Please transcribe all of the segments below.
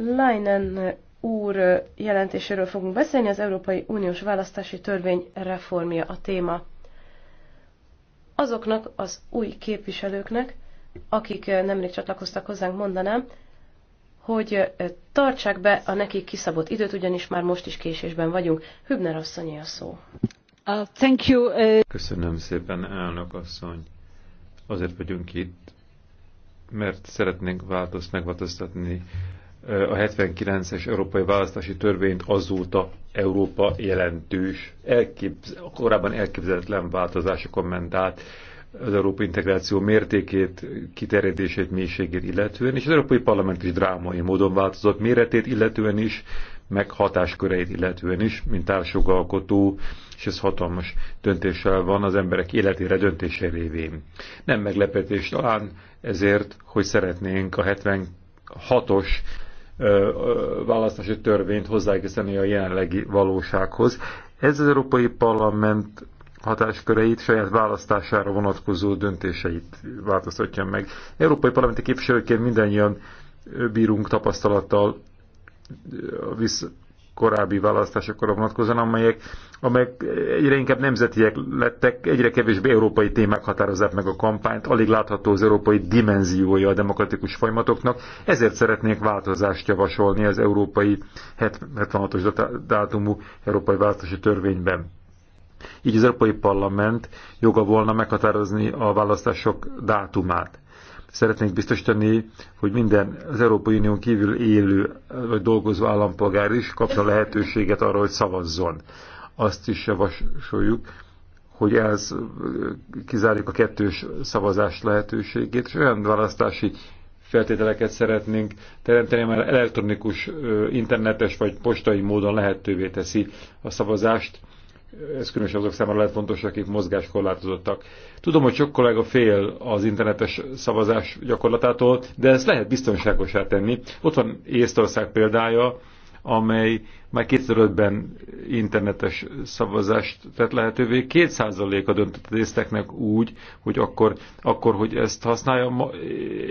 Leinen úr jelentéséről fogunk beszélni, az Európai Uniós Választási Törvény reformja a téma. Azoknak az új képviselőknek, akik nemrég csatlakoztak hozzánk, mondanám, hogy tartsák be a nekik kiszabott időt, ugyanis már most is késésben vagyunk. Hübner asszonyi a szó. Uh, thank you, uh, Köszönöm szépen, elnök asszony. Azért vagyunk itt, mert szeretnénk változt megváltoztatni a 79-es európai választási törvényt azóta Európa jelentős, elképz, korábban elképzelhetetlen változásokon ment át az európai integráció mértékét, kiterjedését, mélységét illetően, és az Európai Parlament is drámai módon változott méretét illetően is, meg hatásköreit illetően is, mint társjogalkotó, és ez hatalmas döntéssel van az emberek életére döntése révén. Nem meglepetés talán ezért, hogy szeretnénk a 76-os választási törvényt hozzáigazítani a jelenlegi valósághoz. Ez az Európai Parlament hatásköreit, saját választására vonatkozó döntéseit változtatja meg. Európai Parlamenti képviselőként mindannyian bírunk tapasztalattal visz korábbi választásokra vonatkozóan, amelyek amelyek egyre inkább nemzetiek lettek, egyre kevésbé európai témák határozzák meg a kampányt, alig látható az európai dimenziója a demokratikus folyamatoknak, ezért szeretnék változást javasolni az európai 76-os dátumú európai választási törvényben. Így az Európai Parlament joga volna meghatározni a választások dátumát. Szeretnénk biztosítani, hogy minden az Európai Unión kívül élő vagy dolgozó állampolgár is kapja lehetőséget arra, hogy szavazzon azt is javasoljuk, hogy ez kizárjuk a kettős szavazás lehetőségét, és olyan választási feltételeket szeretnénk teremteni, mert elektronikus, internetes vagy postai módon lehetővé teszi a szavazást. Ez különösen azok számára lehet fontos, akik mozgáskorlátozottak. Tudom, hogy sok kollega fél az internetes szavazás gyakorlatától, de ezt lehet biztonságosá tenni. Ott van Észtország példája, amely már 2005-ben internetes szavazást tett lehetővé. 2%-a döntött az úgy, hogy akkor, akkor hogy ezt használja, ma,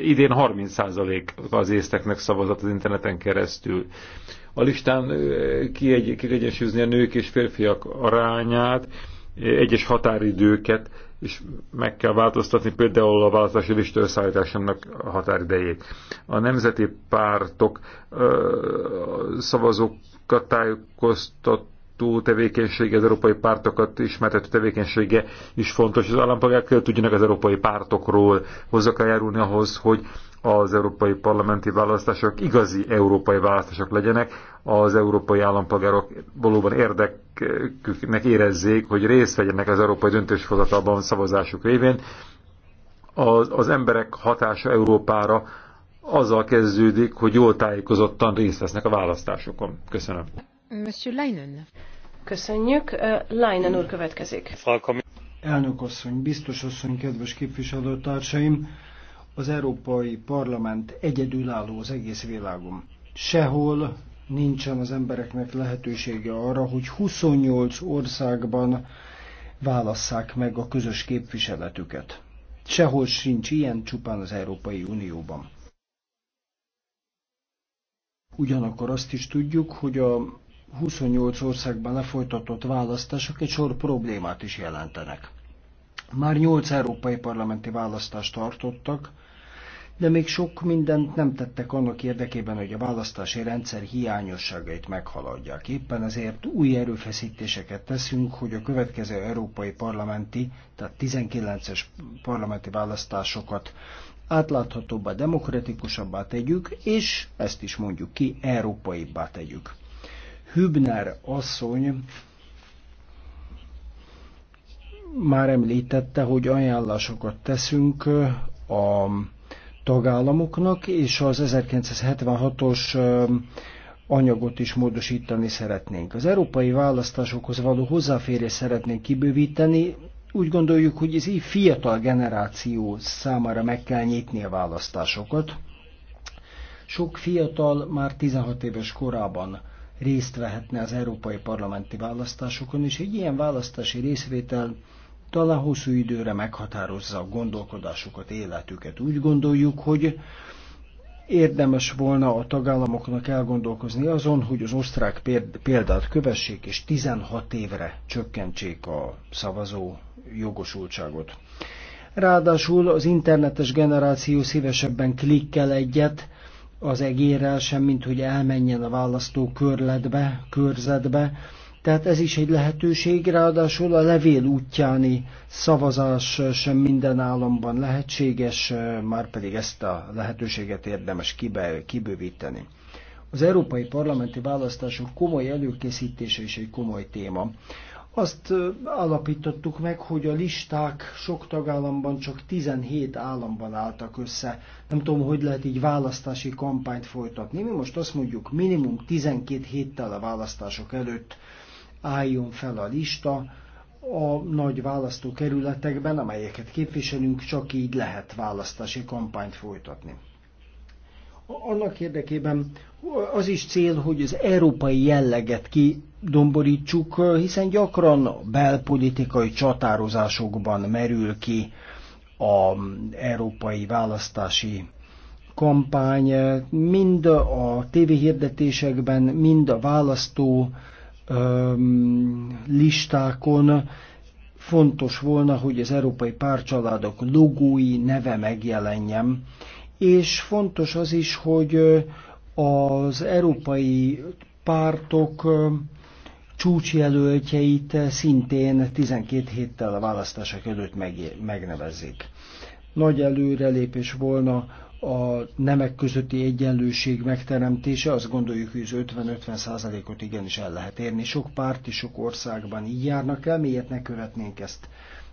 idén 30% az észteknek szavazat az interneten keresztül. A listán kiegyensúlyozni a nők és férfiak arányát, egyes határidőket és meg kell változtatni például a választási lista összeállításának határidejét. A nemzeti pártok szavazókat tájékoztató tevékenysége, az európai pártokat ismertető tevékenysége is fontos. Az állampolgárok tudjanak az európai pártokról hozzá kell járulni ahhoz, hogy az európai parlamenti választások igazi európai választások legyenek, az európai állampolgárok valóban érdeküknek érezzék, hogy részt vegyenek az európai döntéshozatalban szavazásuk révén. Az, az emberek hatása Európára azzal kezdődik, hogy jól tájékozottan részt vesznek a választásokon. Köszönöm. Monsieur Leinen. Köszönjük. Leinen úr következik. Elnök asszony, biztos asszony, kedves képviselőtársaim! az Európai Parlament egyedülálló az egész világon. Sehol nincsen az embereknek lehetősége arra, hogy 28 országban válasszák meg a közös képviseletüket. Sehol sincs ilyen, csupán az Európai Unióban. Ugyanakkor azt is tudjuk, hogy a 28 országban lefolytatott választások egy sor problémát is jelentenek. Már 8 európai parlamenti választást tartottak, de még sok mindent nem tettek annak érdekében, hogy a választási rendszer hiányosságait meghaladják. Éppen ezért új erőfeszítéseket teszünk, hogy a következő európai parlamenti, tehát 19-es parlamenti választásokat átláthatóbbá, demokratikusabbá tegyük, és ezt is mondjuk ki, európaibbá tegyük. Hübner asszony már említette, hogy ajánlásokat teszünk a tagállamoknak, és az 1976-os anyagot is módosítani szeretnénk. Az európai választásokhoz való hozzáférés szeretnénk kibővíteni, úgy gondoljuk, hogy ez így fiatal generáció számára meg kell nyitni a választásokat. Sok fiatal már 16 éves korában részt vehetne az európai parlamenti választásokon, és egy ilyen választási részvétel talán hosszú időre meghatározza a gondolkodásukat, életüket. Úgy gondoljuk, hogy érdemes volna a tagállamoknak elgondolkozni azon, hogy az osztrák példát kövessék, és 16 évre csökkentsék a szavazó jogosultságot. Ráadásul az internetes generáció szívesebben klikkel egyet az egérrel, mint hogy elmenjen a választó körletbe, körzetbe, tehát ez is egy lehetőség, ráadásul a levél útjáni szavazás sem minden államban lehetséges, már pedig ezt a lehetőséget érdemes kibe, kibővíteni. Az európai parlamenti választások komoly előkészítése is egy komoly téma. Azt alapítottuk meg, hogy a listák sok tagállamban csak 17 államban álltak össze. Nem tudom, hogy lehet így választási kampányt folytatni. Mi most azt mondjuk minimum 12 héttel a választások előtt álljon fel a lista a nagy választókerületekben, amelyeket képviselünk, csak így lehet választási kampányt folytatni. Annak érdekében az is cél, hogy az európai jelleget kidomborítsuk, hiszen gyakran belpolitikai csatározásokban merül ki az európai választási kampány mind a tévéhirdetésekben, mind a választó listákon fontos volna, hogy az európai párcsaládok logói neve megjelenjen. És fontos az is, hogy az európai pártok csúcsjelöltjeit szintén 12 héttel a választások előtt megnevezzék. Nagy előrelépés volna, a nemek közötti egyenlőség megteremtése, azt gondoljuk, hogy az 50-50 százalékot igenis el lehet érni. Sok párt és sok országban így járnak el, miért ne követnénk ezt.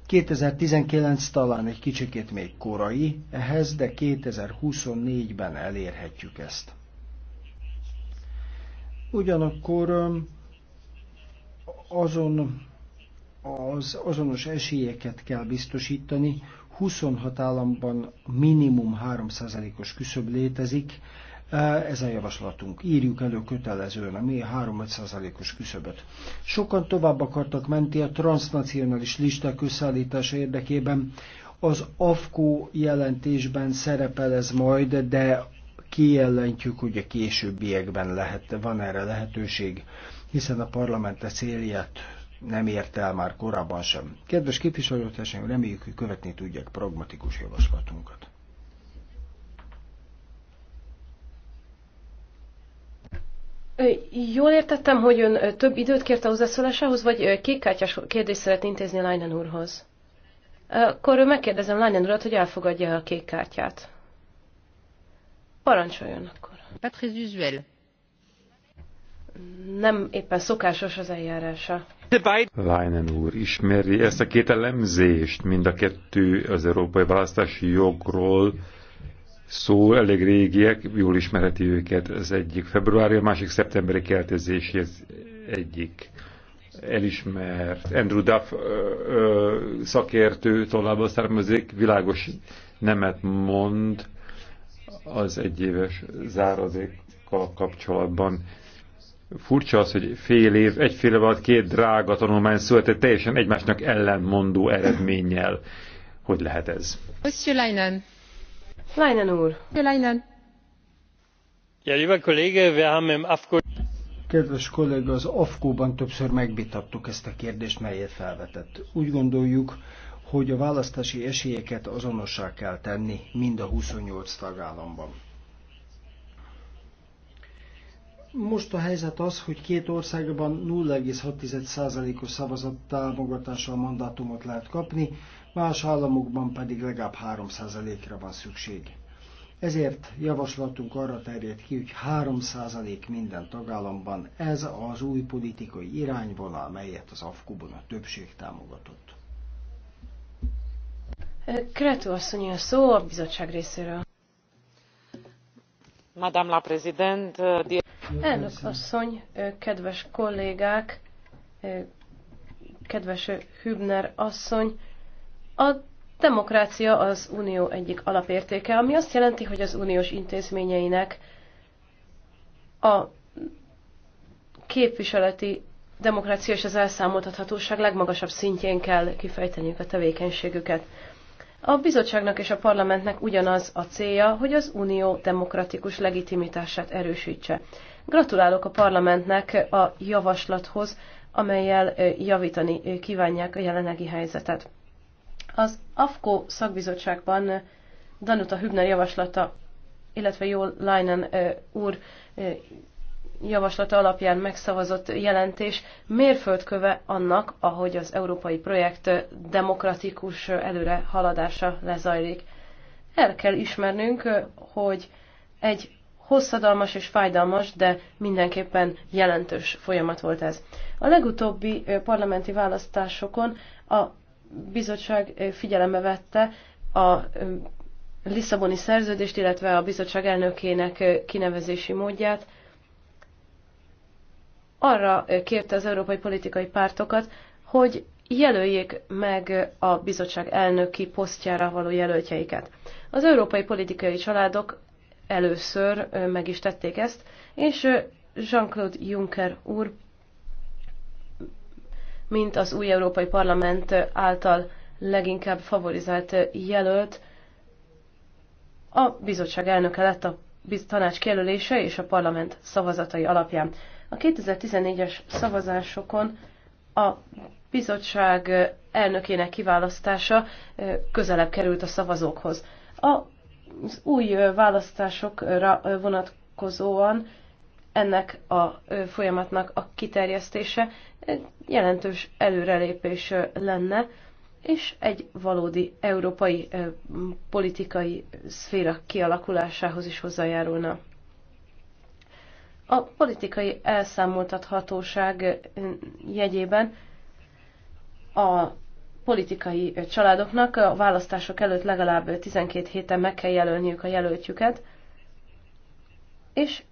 2019 talán egy kicsikét még korai ehhez, de 2024-ben elérhetjük ezt. Ugyanakkor azon az azonos esélyeket kell biztosítani, 26 államban minimum 3%-os küszöb létezik, ez a javaslatunk. Írjuk elő kötelezően, ami 3-5%-os küszöböt. Sokan tovább akartak menti a transnacionális listák összeállítása érdekében. Az AFKO jelentésben szerepel ez majd, de kijelentjük, hogy a későbbiekben lehet, van erre lehetőség, hiszen a parlament a célját nem ért el már korábban sem. Kedves képviselőtársaim, reméljük, hogy követni tudják pragmatikus javaslatunkat. Jól értettem, hogy ön több időt kérte hozzászólásához, vagy kékkártyás kérdést szeretné intézni Leinen úrhoz? Akkor megkérdezem Leinen urat, hogy elfogadja a kék kártyát. Parancsoljon akkor. usuel. Nem éppen szokásos az eljárása. Leinen úr ismeri ezt a két elemzést, mind a kettő az európai választási jogról szól, elég régiek, jól ismereti őket, az egyik februári, a másik szeptemberi az egyik elismert. Andrew Duff ö, ö, szakértő tollából származik, világos nemet mond az egyéves záradékkal kapcsolatban. Furcsa az, hogy fél év, egy fél év alatt két drága tanulmány született teljesen egymásnak ellenmondó eredménnyel. Hogy lehet ez? Monsieur Leinen. Leinen úr. Leinen. Ja, lieber Kollege, wir haben im Afko... Kedves kollega, az AFKO-ban többször megvitattuk ezt a kérdést, melyet felvetett. Úgy gondoljuk, hogy a választási esélyeket azonossá kell tenni mind a 28 tagállamban. Most a helyzet az, hogy két országban 0,6%-os szavazat a mandátumot lehet kapni, más államokban pedig legalább 3%-ra van szükség. Ezért javaslatunk arra terjed ki, hogy 3% minden tagállamban ez az új politikai irányvonal, melyet az AFKU-ban a többség támogatott. Kretu asszony a szó a bizottság részéről. Madame la Présidente, Elnök asszony, kedves kollégák, kedves Hübner asszony, a demokrácia az unió egyik alapértéke, ami azt jelenti, hogy az uniós intézményeinek a képviseleti demokrácia és az elszámoltathatóság legmagasabb szintjén kell kifejteniük a tevékenységüket. A bizottságnak és a parlamentnek ugyanaz a célja, hogy az unió demokratikus legitimitását erősítse. Gratulálok a parlamentnek a javaslathoz, amelyel javítani kívánják a jelenlegi helyzetet. Az AFKO szakbizottságban Danuta Hübner javaslata, illetve Jól Leinen úr javaslata alapján megszavazott jelentés mérföldköve annak, ahogy az európai projekt demokratikus előre haladása lezajlik. El kell ismernünk, hogy egy Hosszadalmas és fájdalmas, de mindenképpen jelentős folyamat volt ez. A legutóbbi parlamenti választásokon a bizottság figyelembe vette a Lisszaboni szerződést, illetve a bizottság elnökének kinevezési módját. Arra kérte az európai politikai pártokat, hogy jelöljék meg a bizottság elnöki posztjára való jelöltjeiket. Az európai politikai családok először meg is tették ezt, és Jean-Claude Juncker úr, mint az új Európai Parlament által leginkább favorizált jelölt, a bizottság elnöke lett a tanács kijelölése és a parlament szavazatai alapján. A 2014-es szavazásokon a bizottság elnökének kiválasztása közelebb került a szavazókhoz. A az új választásokra vonatkozóan ennek a folyamatnak a kiterjesztése jelentős előrelépés lenne, és egy valódi európai politikai szféra kialakulásához is hozzájárulna. A politikai elszámoltathatóság jegyében a politikai családoknak a választások előtt legalább 12 héten meg kell jelölniük a jelöltjüket, és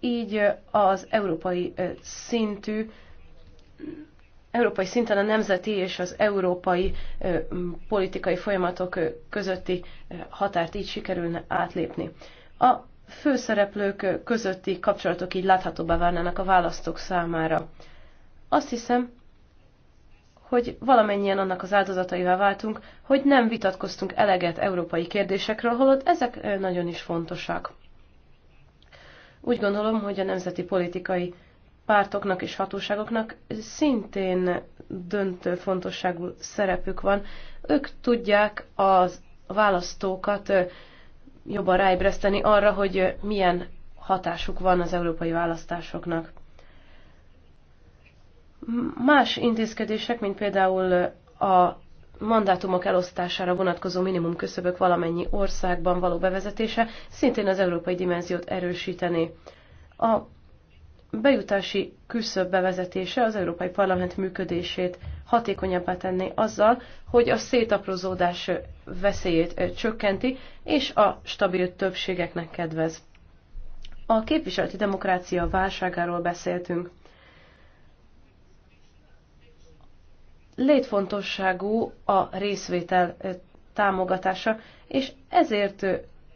így az európai szintű, európai szinten a nemzeti és az európai politikai folyamatok közötti határt így sikerülne átlépni. A főszereplők közötti kapcsolatok így láthatóbbá válnának a választók számára. Azt hiszem, hogy valamennyien annak az áldozataival váltunk, hogy nem vitatkoztunk eleget európai kérdésekről, holott ezek nagyon is fontosak. Úgy gondolom, hogy a nemzeti politikai pártoknak és hatóságoknak szintén döntő fontosságú szerepük van. Ők tudják a választókat jobban ráébreszteni arra, hogy milyen hatásuk van az európai választásoknak. Más intézkedések, mint például a mandátumok elosztására vonatkozó minimum küszöbök valamennyi országban való bevezetése szintén az európai dimenziót erősíteni. A bejutási küszöb bevezetése az Európai Parlament működését hatékonyabbá tenni azzal, hogy a szétaprozódás veszélyét csökkenti, és a stabil többségeknek kedvez. A képviseleti demokrácia válságáról beszéltünk. létfontosságú a részvétel támogatása, és ezért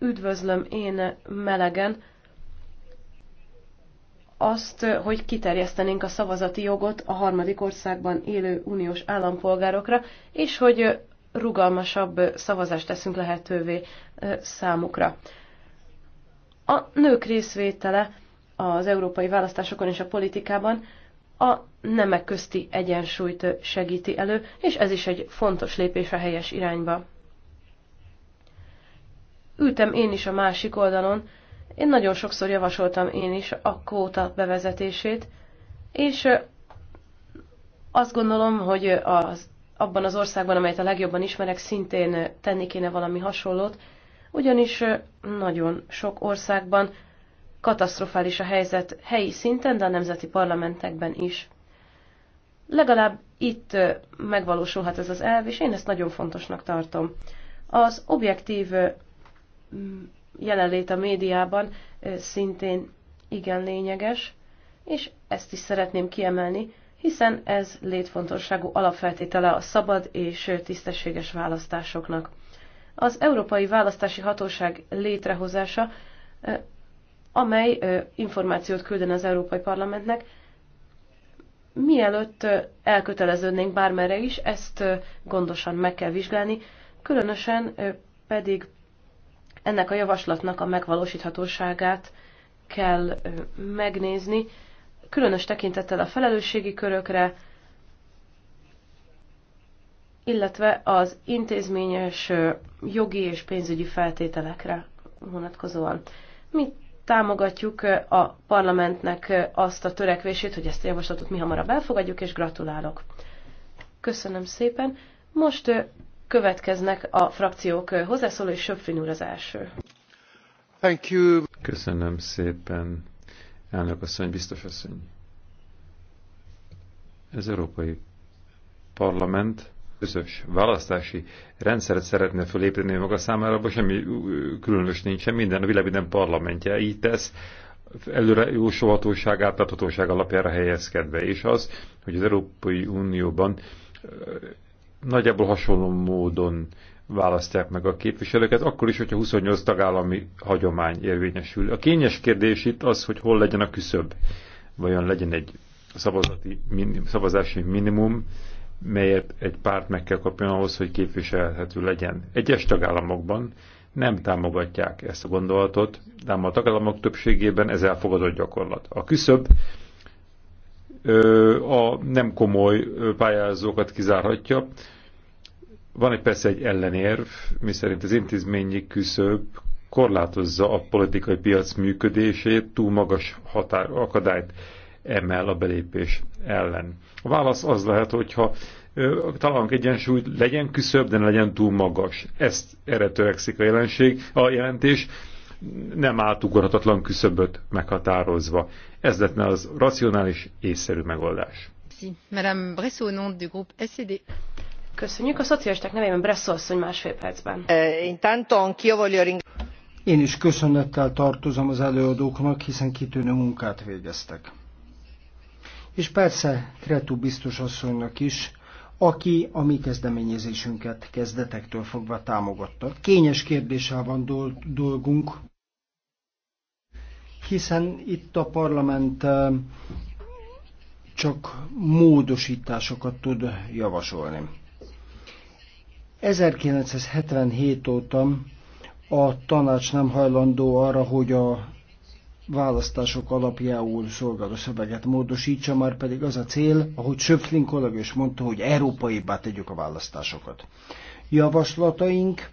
üdvözlöm én melegen azt, hogy kiterjesztenénk a szavazati jogot a harmadik országban élő uniós állampolgárokra, és hogy rugalmasabb szavazást teszünk lehetővé számukra. A nők részvétele az európai választásokon és a politikában a nemek közti egyensúlyt segíti elő, és ez is egy fontos lépés a helyes irányba. Ültem én is a másik oldalon, én nagyon sokszor javasoltam én is a kvóta bevezetését, és azt gondolom, hogy az, abban az országban, amelyet a legjobban ismerek, szintén tenni kéne valami hasonlót, ugyanis nagyon sok országban katasztrofális a helyzet helyi szinten, de a nemzeti parlamentekben is. Legalább itt megvalósulhat ez az elv, és én ezt nagyon fontosnak tartom. Az objektív jelenlét a médiában szintén igen lényeges, és ezt is szeretném kiemelni, hiszen ez létfontosságú alapfeltétele a szabad és tisztességes választásoknak. Az Európai Választási Hatóság létrehozása amely információt külden az Európai Parlamentnek, mielőtt elköteleződnénk bármerre is, ezt gondosan meg kell vizsgálni, különösen pedig ennek a javaslatnak a megvalósíthatóságát kell megnézni, különös tekintettel a felelősségi körökre, illetve az intézményes jogi és pénzügyi feltételekre vonatkozóan. Mi támogatjuk a parlamentnek azt a törekvését, hogy ezt a javaslatot mi hamarabb elfogadjuk, és gratulálok. Köszönöm szépen. Most következnek a frakciók hozzászóló, és Söpfin úr az első. Thank you. Köszönöm szépen, elnök asszony, biztos asszony. Ez Európai Parlament közös választási rendszert szeretne fölépíteni maga számára, abban semmi különös nincsen, minden a világ minden parlamentje így tesz, előre jósolhatóság, átláthatóság alapjára helyezkedve, és az, hogy az Európai Unióban nagyjából hasonló módon választják meg a képviselőket, akkor is, hogyha 28 tagállami hagyomány érvényesül. A kényes kérdés itt az, hogy hol legyen a küszöb. Vajon legyen egy szavazati, minim, szavazási minimum, melyet egy párt meg kell kapjon ahhoz, hogy képviselhető legyen. Egyes tagállamokban nem támogatják ezt a gondolatot, de a tagállamok többségében ez elfogadott gyakorlat. A küszöbb a nem komoly pályázókat kizárhatja. Van egy persze egy ellenérv, miszerint az intézményi küszöbb korlátozza a politikai piac működését, túl magas határ, akadályt emel a belépés ellen. A válasz az lehet, hogyha talán egyensúly, legyen küszöbb, de ne legyen túl magas. Ezt erre törekszik a jelenség, a jelentés nem átugorhatatlan küszöböt meghatározva. Ez lett az racionális, észszerű megoldás. Madame Köszönjük a szocialisták nevében Bresso asszony másfél percben. Én is köszönettel tartozom az előadóknak, hiszen kitűnő munkát végeztek és persze Kretú biztos asszonynak is, aki a mi kezdeményezésünket kezdetektől fogva támogatta. Kényes kérdéssel van dol- dolgunk, hiszen itt a parlament csak módosításokat tud javasolni. 1977 óta a tanács nem hajlandó arra, hogy a választások alapjául szolgáló szöveget módosítsa, már pedig az a cél, ahogy Söpflin kollega is mondta, hogy európaibbá tegyük a választásokat. Javaslataink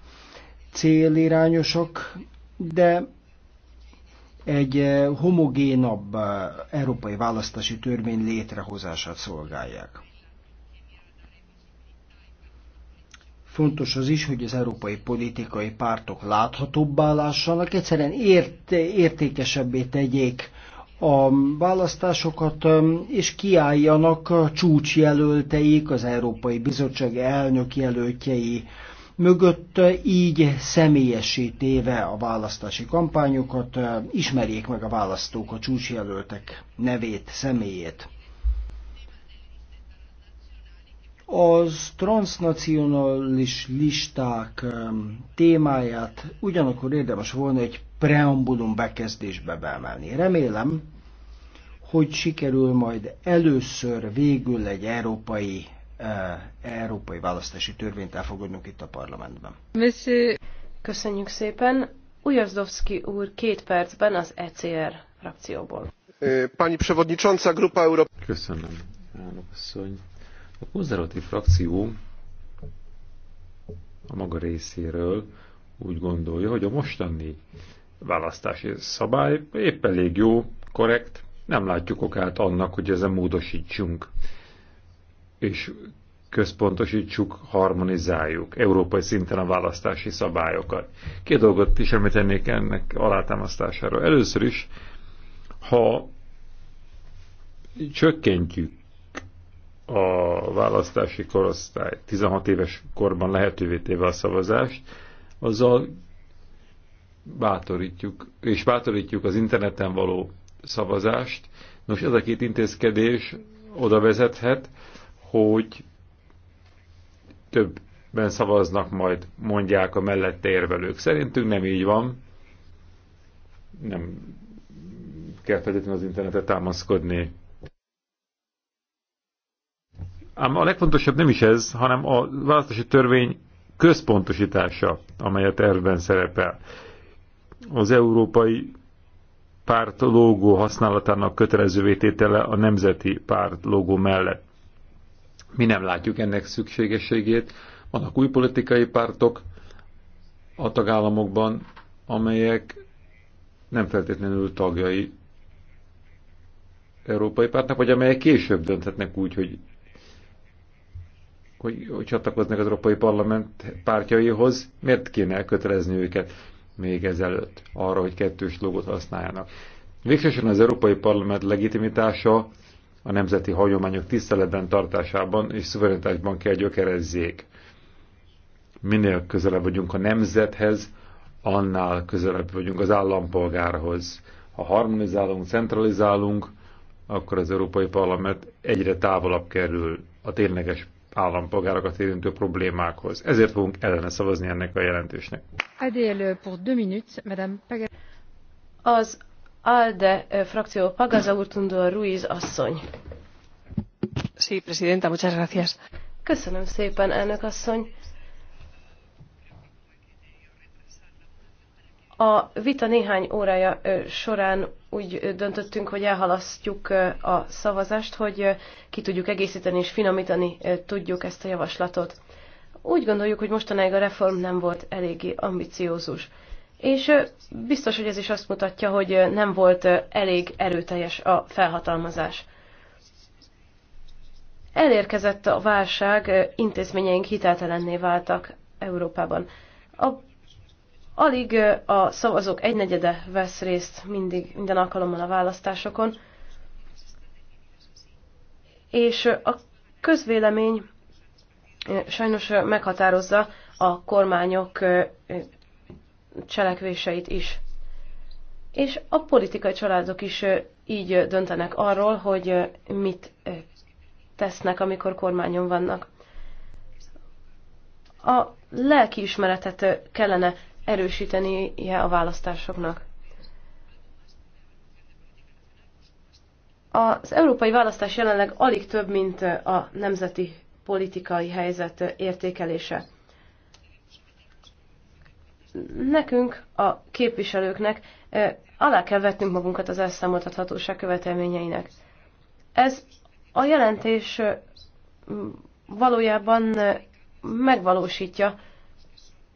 célirányosak, de egy eh, homogénabb eh, európai választási törvény létrehozását szolgálják. Fontos az is, hogy az európai politikai pártok láthatóbbá lássanak, egyszerűen ért, értékesebbé tegyék a választásokat, és kiálljanak a csúcsjelölteik, az Európai Bizottság elnök jelöltjei mögött, így személyesítéve téve a választási kampányokat, ismerjék meg a választók a csúcsjelöltek nevét, személyét. az transnacionális listák témáját ugyanakkor érdemes volna egy preambulum bekezdésbe beemelni. Remélem, hogy sikerül majd először végül egy európai, eh, európai választási törvényt elfogadnunk itt a parlamentben. Köszönjük szépen. Ujazdowski úr két percben az ECR frakcióból. Eh, pani przewodnicząca, Grupa Europa. Köszönöm, elnök asszony a konzervatív frakció a maga részéről úgy gondolja, hogy a mostani választási szabály épp elég jó, korrekt, nem látjuk okát annak, hogy ezen módosítsunk, és központosítsuk, harmonizáljuk európai szinten a választási szabályokat. Két dolgot is említenék ennek alátámasztására. Először is, ha csökkentjük a választási korosztály 16 éves korban lehetővé téve a szavazást, azzal bátorítjuk, és bátorítjuk az interneten való szavazást. Nos, ez a két intézkedés oda vezethet, hogy többen szavaznak majd, mondják a mellette érvelők. Szerintünk nem így van. Nem kell feltétlenül az internetet támaszkodni Ám a legfontosabb nem is ez, hanem a választási törvény központosítása, amely a tervben szerepel. Az európai párt logó használatának kötelező vététele a nemzeti párt logó mellett. Mi nem látjuk ennek szükségességét. Vannak új politikai pártok a tagállamokban, amelyek nem feltétlenül tagjai európai pártnak, vagy amelyek később dönthetnek úgy, hogy hogy, hogy csatlakoznak az Európai Parlament pártjaihoz, miért kéne elkötelezni őket még ezelőtt arra, hogy kettős logót használjanak. Végsősorban az Európai Parlament legitimitása a nemzeti hagyományok tiszteletben tartásában és szuverenitásban kell gyökerezzék. Minél közelebb vagyunk a nemzethez, annál közelebb vagyunk az állampolgárhoz. Ha harmonizálunk, centralizálunk, akkor az Európai Parlament egyre távolabb kerül a tényleges állampolgárokat érintő problémákhoz. Ezért fogunk ellene szavazni ennek a jelentésnek. Az ALDE frakció Pagaza Urtundó Ruiz asszony. Sí, presidenta, muchas gracias. Köszönöm szépen, elnök asszony. A vita néhány órája során úgy döntöttünk, hogy elhalasztjuk a szavazást, hogy ki tudjuk egészíteni és finomítani tudjuk ezt a javaslatot. Úgy gondoljuk, hogy mostanáig a reform nem volt eléggé ambiciózus. És biztos, hogy ez is azt mutatja, hogy nem volt elég erőteljes a felhatalmazás. Elérkezett a válság, intézményeink hiteltelenné váltak Európában. A Alig a szavazók egynegyede vesz részt mindig, minden alkalommal a választásokon, és a közvélemény sajnos meghatározza a kormányok cselekvéseit is. És a politikai családok is így döntenek arról, hogy mit tesznek, amikor kormányon vannak. A lelkiismeretet kellene erősítenie a választásoknak. Az európai választás jelenleg alig több, mint a nemzeti politikai helyzet értékelése. Nekünk, a képviselőknek eh, alá kell vetnünk magunkat az elszámoltathatóság követelményeinek. Ez a jelentés eh, valójában eh, megvalósítja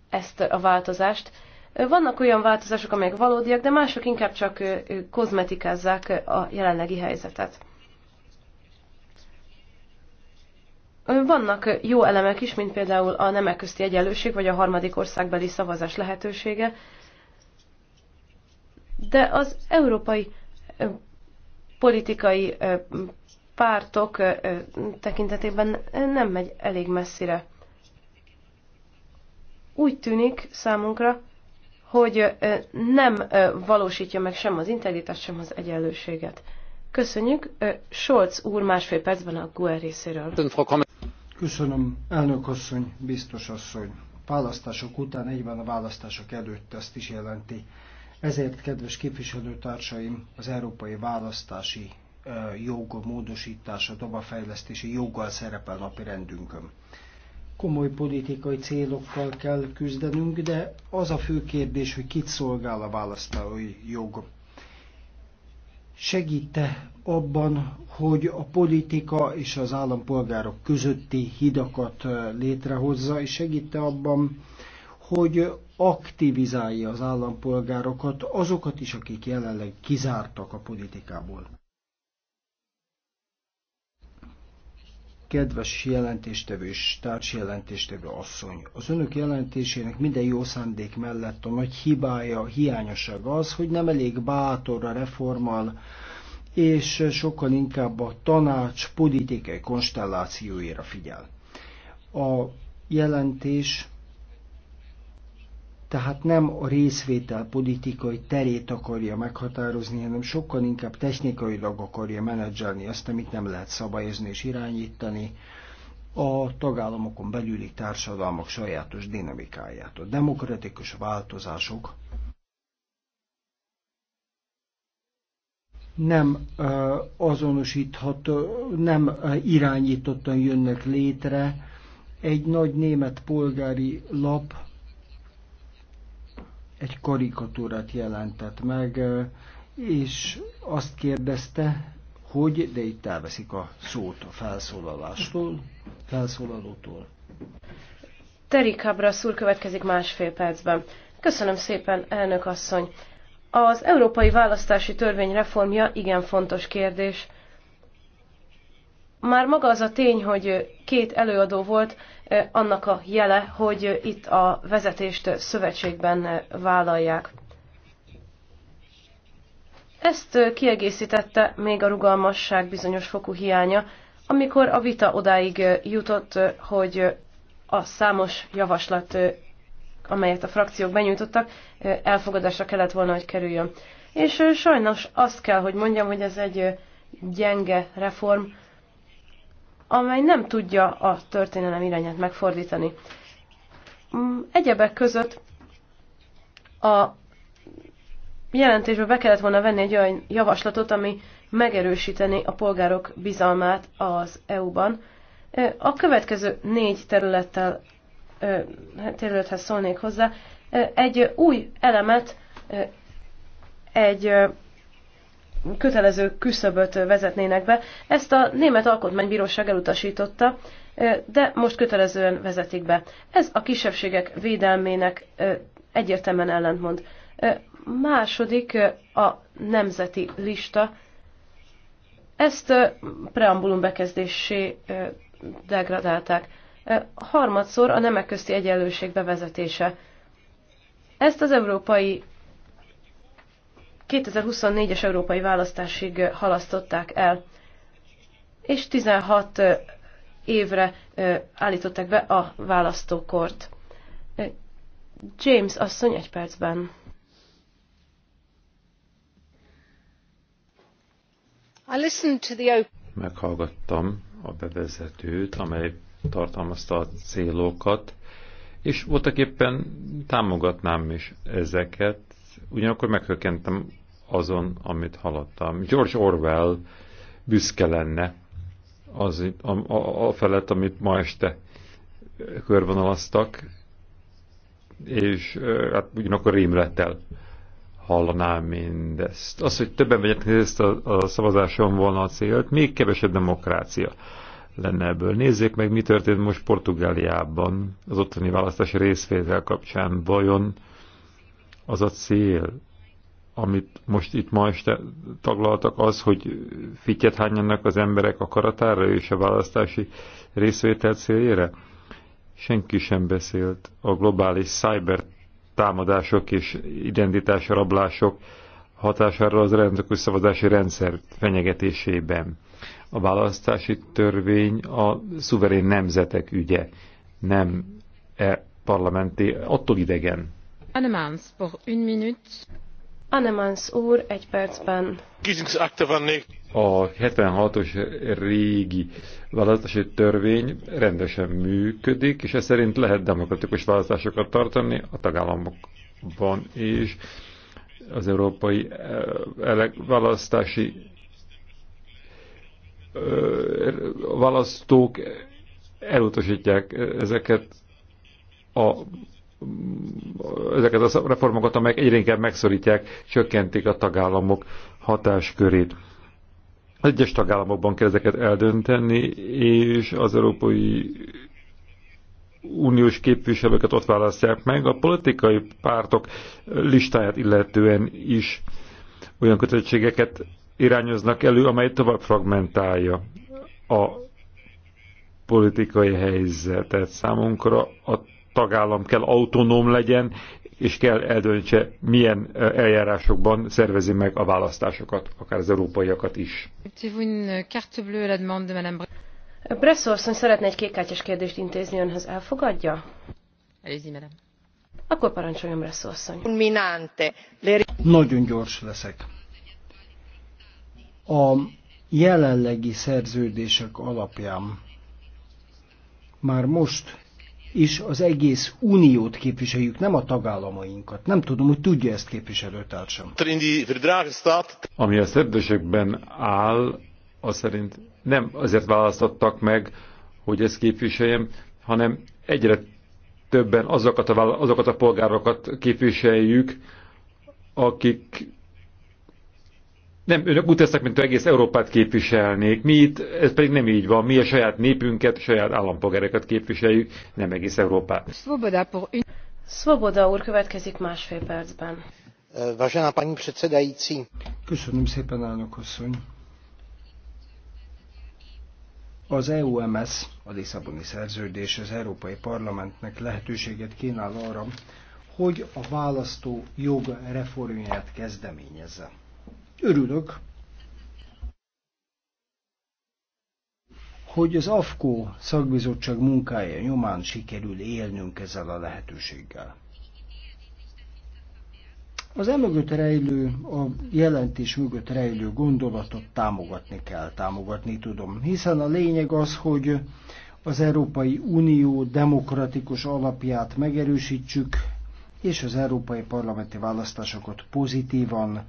ezt a változást. Vannak olyan változások, amelyek valódiak, de mások inkább csak kozmetikázzák a jelenlegi helyzetet. Vannak jó elemek is, mint például a nemek közti egyenlőség, vagy a harmadik országbeli szavazás lehetősége, de az európai politikai pártok tekintetében nem megy elég messzire úgy tűnik számunkra, hogy nem valósítja meg sem az integritást, sem az egyenlőséget. Köszönjük. Scholz úr másfél percben a GUE részéről. Köszönöm, elnök asszony, biztos asszony. Választások után egyben a választások előtt ezt is jelenti. Ezért, kedves képviselőtársaim, az európai választási jog módosítása, dobafejlesztési joggal szerepel napi rendünkön komoly politikai célokkal kell küzdenünk, de az a fő kérdés, hogy kit szolgál a választói jog. Segíte abban, hogy a politika és az állampolgárok közötti hidakat eh, létrehozza, és segíte abban, hogy aktivizálja az állampolgárokat, azokat is, akik jelenleg kizártak a politikából. Kedves jelentéstevő és jelentéstevő asszony, az önök jelentésének minden jó szándék mellett a nagy hibája, a hiányosság az, hogy nem elég bátor a reformal, és sokkal inkább a tanács politikai konstellációira figyel. A jelentés tehát nem a részvétel politikai terét akarja meghatározni, hanem sokkal inkább technikailag akarja menedzselni azt, amit nem lehet szabályozni és irányítani a tagállamokon belüli társadalmak sajátos dinamikáját. A demokratikus változások nem azonosítható, nem irányítottan jönnek létre. Egy nagy német polgári lap egy karikatúrát jelentett meg, és azt kérdezte, hogy, de itt elveszik a szót a felszólalástól, felszólalótól. Teri Cabra szúr következik másfél percben. Köszönöm szépen, elnök asszony. Az európai választási törvény reformja igen fontos kérdés, már maga az a tény, hogy két előadó volt, eh, annak a jele, hogy itt a vezetést szövetségben vállalják. Ezt kiegészítette még a rugalmasság bizonyos fokú hiánya, amikor a vita odáig eh, jutott, eh, hogy a számos javaslat, amelyet a frakciók benyújtottak, elfogadásra kellett volna, hogy kerüljön. És sajnos azt kell, hogy mondjam, hogy ez egy gyenge reform, amely nem tudja a történelem irányát megfordítani. Mm, egyebek között a jelentésbe be kellett volna venni egy olyan javaslatot, ami megerősíteni a polgárok bizalmát az EU-ban. A következő négy területtel, területhez szólnék hozzá. Egy új elemet, egy kötelező küszöböt vezetnének be. Ezt a Német Alkotmánybíróság elutasította, de most kötelezően vezetik be. Ez a kisebbségek védelmének egyértelműen ellentmond. Második a nemzeti lista. Ezt preambulum bekezdésé degradálták. Harmadszor a nemek közti egyenlőség bevezetése. Ezt az Európai 2024-es európai választásig halasztották el, és 16 évre állították be a választókort. James asszony egy percben. Meghallgattam a bevezetőt, amely tartalmazta a célokat, és voltak éppen támogatnám is ezeket, ugyanakkor meghökkentem azon, amit hallottam. George Orwell büszke lenne az, a, a, a felett, amit ma este körvonalaztak, és hát ugyanakkor rémlettel hallaná mindezt. Az, hogy többen vegyek ezt a, a szavazáson volna a célt, még kevesebb demokrácia lenne ebből. Nézzék meg, mi történt most Portugáliában az ottani választási részvétel kapcsán. Vajon az a cél, amit most itt ma este taglaltak, az, hogy fityet hányanak az emberek akaratára és a választási részvétel céljére? Senki sem beszélt a globális cyber támadások és identitás rablások hatására az rendszerű szavazási rendszer fenyegetésében. A választási törvény a szuverén nemzetek ügye, nem e parlamenti, attól idegen Annemans, por une minute. Annemans úr, egy percben. A 76-os régi választási törvény rendesen működik, és ez szerint lehet demokratikus választásokat tartani a tagállamokban és az európai eh, választási eh, választók elutasítják eh, ezeket a ezeket a reformokat, amelyek egyre inkább megszorítják, csökkentik a tagállamok hatáskörét. Egyes tagállamokban kell ezeket eldönteni, és az Európai Uniós képviselőket ott választják meg. A politikai pártok listáját illetően is olyan kötöttségeket irányoznak elő, amely tovább fragmentálja a politikai helyzetet. Számunkra a tagállam kell autonóm legyen, és kell eldöntse, milyen eljárásokban szervezi meg a választásokat, akár az európaiakat is. Bresszó szeretne egy kékkártyás kérdést intézni önhöz. Elfogadja? Előzi, madame. Akkor parancsoljon, Bresszó Nagyon gyors leszek. A jelenlegi szerződések alapján már most és az egész uniót képviseljük, nem a tagállamainkat. Nem tudom, hogy tudja ezt képviselőtársam. Ami a szerdesekben áll, az szerint nem azért választottak meg, hogy ezt képviseljem, hanem egyre többen azokat a, azokat a polgárokat képviseljük, akik nem, önök úgy tesznek, mint egész Európát képviselnék. Mi itt, ez pedig nem így van. Mi a saját népünket, a saját állampolgárokat képviseljük, nem egész Európát. Svoboda úr következik másfél percben. Vážená paní předsedající. Köszönöm szépen, elnök asszony. Az EUMS, a Lisszaboni szerződés az Európai Parlamentnek lehetőséget kínál arra, hogy a választó jog reformját kezdeményezze. Örülök, hogy az AFKO szakbizottság munkája nyomán sikerül élnünk ezzel a lehetőséggel. Az emögött rejlő, a jelentés mögött rejlő gondolatot támogatni kell, támogatni tudom, hiszen a lényeg az, hogy az Európai Unió demokratikus alapját megerősítsük, és az európai parlamenti választásokat pozitívan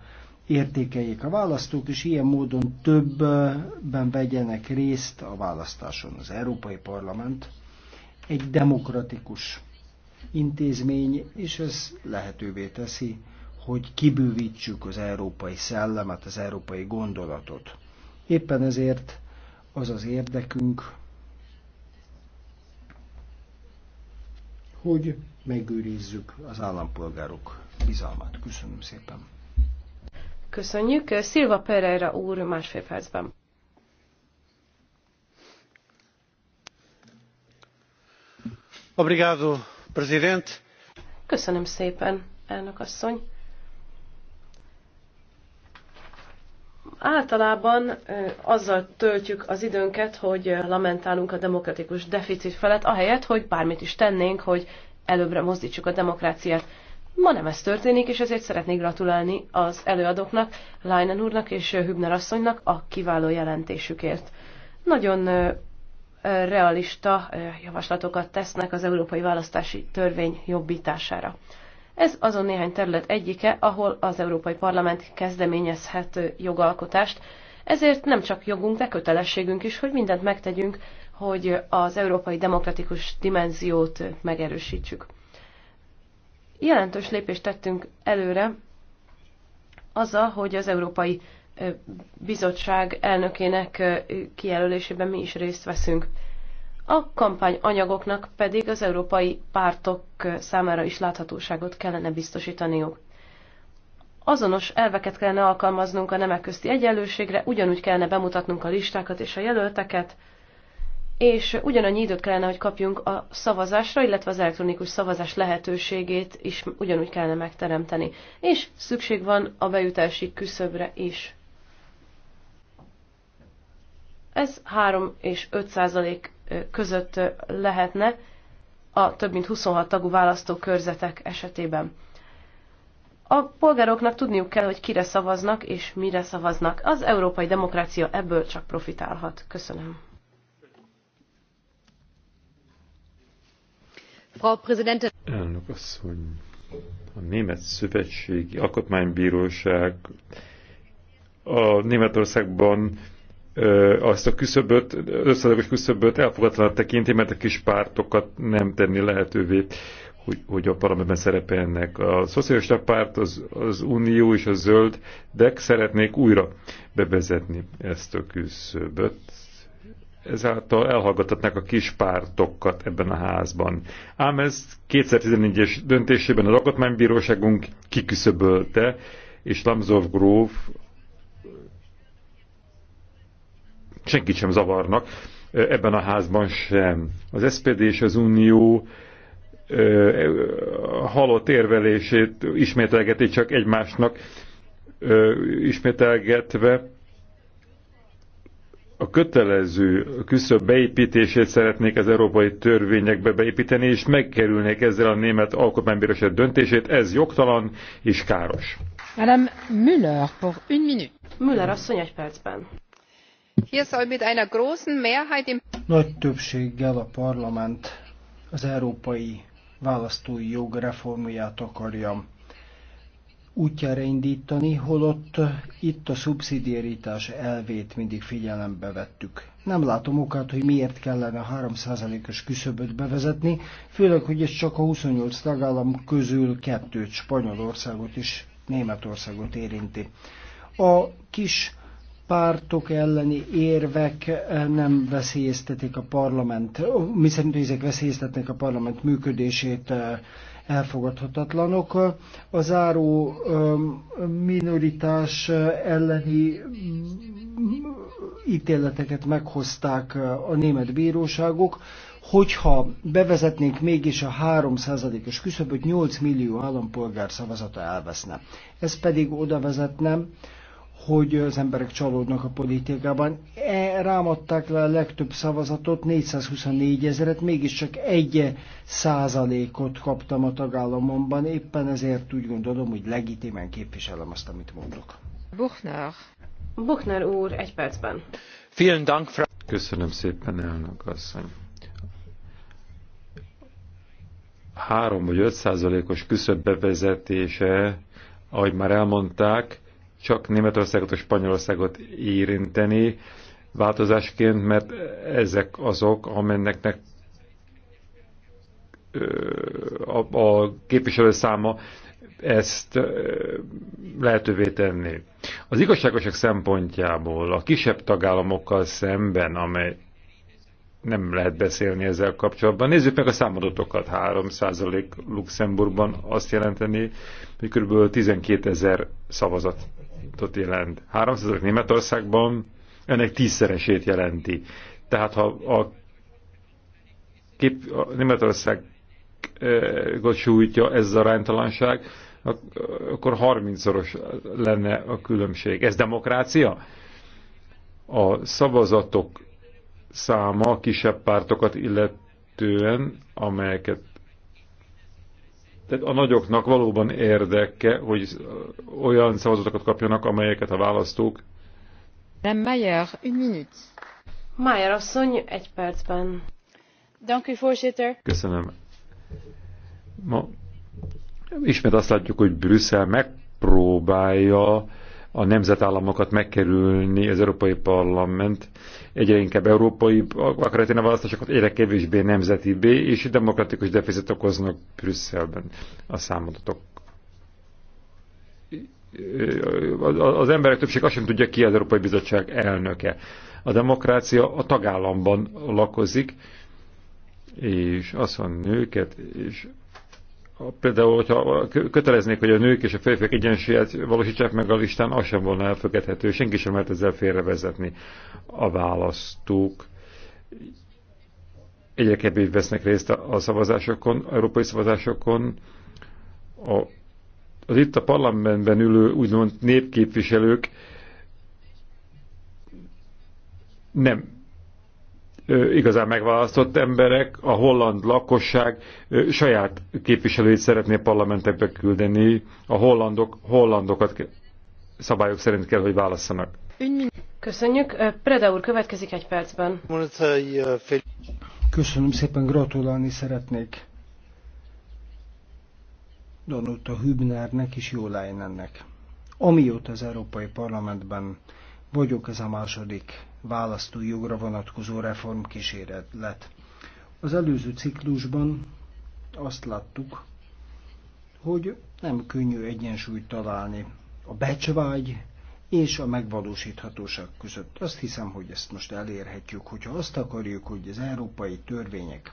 értékeljék a választók, és ilyen módon többben vegyenek részt a választáson. Az Európai Parlament egy demokratikus intézmény, és ez lehetővé teszi, hogy kibővítsük az európai szellemet, az európai gondolatot. Éppen ezért az az érdekünk, hogy megőrizzük az állampolgárok bizalmát. Köszönöm szépen! Köszönjük. Szilva Pereira úr másfél percben. Obrigado, president. Köszönöm szépen, elnök asszony. Általában azzal töltjük az időnket, hogy lamentálunk a demokratikus deficit felett, ahelyett, hogy bármit is tennénk, hogy előbbre mozdítsuk a demokráciát. Ma nem ez történik, és ezért szeretnék gratulálni az előadóknak, Leinen úrnak és Hübner asszonynak a kiváló jelentésükért. Nagyon realista javaslatokat tesznek az európai választási törvény jobbítására. Ez azon néhány terület egyike, ahol az Európai Parlament kezdeményezhet jogalkotást, ezért nem csak jogunk, de kötelességünk is, hogy mindent megtegyünk, hogy az európai demokratikus dimenziót megerősítsük. Jelentős lépést tettünk előre azzal, hogy az Európai Bizottság elnökének kijelölésében mi is részt veszünk. A kampányanyagoknak pedig az európai pártok számára is láthatóságot kellene biztosítaniuk. Azonos elveket kellene alkalmaznunk a nemek közti egyenlőségre, ugyanúgy kellene bemutatnunk a listákat és a jelölteket, és ugyanannyi időt kellene, hogy kapjunk a szavazásra, illetve az elektronikus szavazás lehetőségét is ugyanúgy kellene megteremteni. És szükség van a bejutási küszöbre is. Ez 3 és 5 százalék között lehetne a több mint 26 tagú választókörzetek esetében. A polgároknak tudniuk kell, hogy kire szavaznak és mire szavaznak. Az európai demokrácia ebből csak profitálhat. Köszönöm. Frau Präsidentin! Elnök asszony, a Német Szövetségi Alkotmánybíróság a Németországban azt a küszöböt, összedagos küszöböt elfogadtanak tekinti, mert a kis pártokat nem tenni lehetővé, hogy, hogy a parlamentben szerepelnek. A szocialista párt, az, az Unió és a Zöld, de szeretnék újra bevezetni ezt a küszöböt ezáltal elhallgathatnák a kis pártokat ebben a házban. Ám ez 2014-es döntésében az alkotmánybíróságunk kiküszöbölte, és Lamzov Gróf senkit sem zavarnak, ebben a házban sem. Az SPD és az Unió halott érvelését ismételgeti csak egymásnak, ismételgetve a kötelező küszöb beépítését szeretnék az európai törvényekbe beépíteni, és megkerülnék ezzel a német alkotmánybíróság döntését. Ez jogtalan és káros. Madame Müller, por une minute. Müller asszony egy percben. Hier soll mit einer großen Mehrheit im Nagy többséggel a parlament az európai választói jog reformját akarja útjára indítani, holott eh, itt a szubszidiaritás elvét mindig figyelembe vettük. Nem látom okát, hogy miért kellene a 3%-os küszöböt bevezetni, főleg, hogy ez csak a 28 tagállam közül kettőt, Spanyolországot és Németországot érinti. A kis pártok elleni érvek eh, nem veszélyeztetik a parlament, mi szerint ezek veszélyeztetnek a parlament működését, eh, elfogadhatatlanok. A záró minoritás elleni mm, ítéleteket meghozták a német bíróságok, hogyha bevezetnénk mégis a 3%-os küszöböt, 8 millió állampolgár szavazata elveszne. Ez pedig oda vezetne, hogy az emberek csalódnak a politikában. E, rámadták le a legtöbb szavazatot, 424 ezeret, mégiscsak egy százalékot kaptam a tagállamomban, éppen ezért úgy gondolom, hogy legitimen képviselem azt, amit mondok. Buchner. Buchner úr, egy percben. Vielen Dank, Frau. Köszönöm szépen, elnök asszony. 3 vagy 5 százalékos küszöb bevezetése, ahogy már elmondták, csak Németországot és Spanyolországot érinteni változásként, mert ezek azok, amenneknek a, a képviselő száma ezt lehetővé tenni. Az igazságosak szempontjából a kisebb tagállamokkal szemben, amely nem lehet beszélni ezzel kapcsolatban. Nézzük meg a számadatokat. 3% Luxemburgban azt jelenteni, hogy kb. 12 ezer szavazat forintot jelent. 300 Németországban ennek tízszeresét jelenti. Tehát ha a, kép, a Németország sújtja ez a ránytalanság, akkor 30-szoros lenne a különbség. Ez demokrácia? A szavazatok száma kisebb pártokat illetően, amelyeket tehát a nagyoknak valóban érdeke, hogy olyan szavazatokat kapjanak, amelyeket a választók. De Mayer, une minute. Mayer asszony, egy percben. Dank Forsyter. Köszönöm. Ma ismét azt látjuk, hogy Brüsszel megpróbálja a nemzetállamokat megkerülni az Európai Parlament, egyre inkább európai akaratén a választásokat, egyre kevésbé nemzeti B, és demokratikus deficit okoznak Brüsszelben a számadatok. Az emberek többség azt sem tudja, ki az Európai Bizottság elnöke. A demokrácia a tagállamban lakozik, és azon nőket és például, hogyha köteleznék, hogy a nők és a férfiak egyensúlyát valósítsák meg a listán, az sem volna elfogadható, senki sem lehet ezzel félrevezetni a választók. Egyre kevésbé vesznek részt a szavazásokon, európai szavazásokon. A, az itt a parlamentben ülő úgymond népképviselők nem igazán megválasztott emberek, a holland lakosság saját képviselőit szeretné parlamentekbe küldeni, a hollandok, hollandokat szabályok szerint kell, hogy válasszanak. Köszönjük. Preda úr, következik egy percben. Köszönöm szépen, gratulálni szeretnék donuta Hübnernek és Jó Amióta az Európai Parlamentben vagyok, ez a második választói jogra vonatkozó reform kísérlet. Az előző ciklusban azt láttuk, hogy nem könnyű egyensúlyt találni a becsvágy és a megvalósíthatóság között. Azt hiszem, hogy ezt most elérhetjük, hogyha azt akarjuk, hogy az európai törvények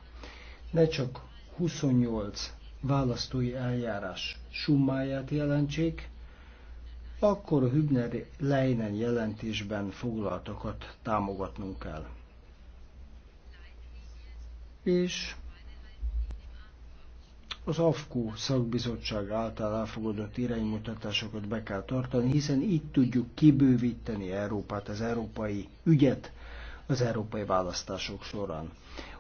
ne csak 28 választói eljárás summáját jelentsék, akkor a Hübner Leinen jelentésben foglaltakat támogatnunk kell. És az AFKU szakbizottság által elfogadott iránymutatásokat be kell tartani, hiszen így tudjuk kibővíteni Európát, az európai ügyet az európai választások során.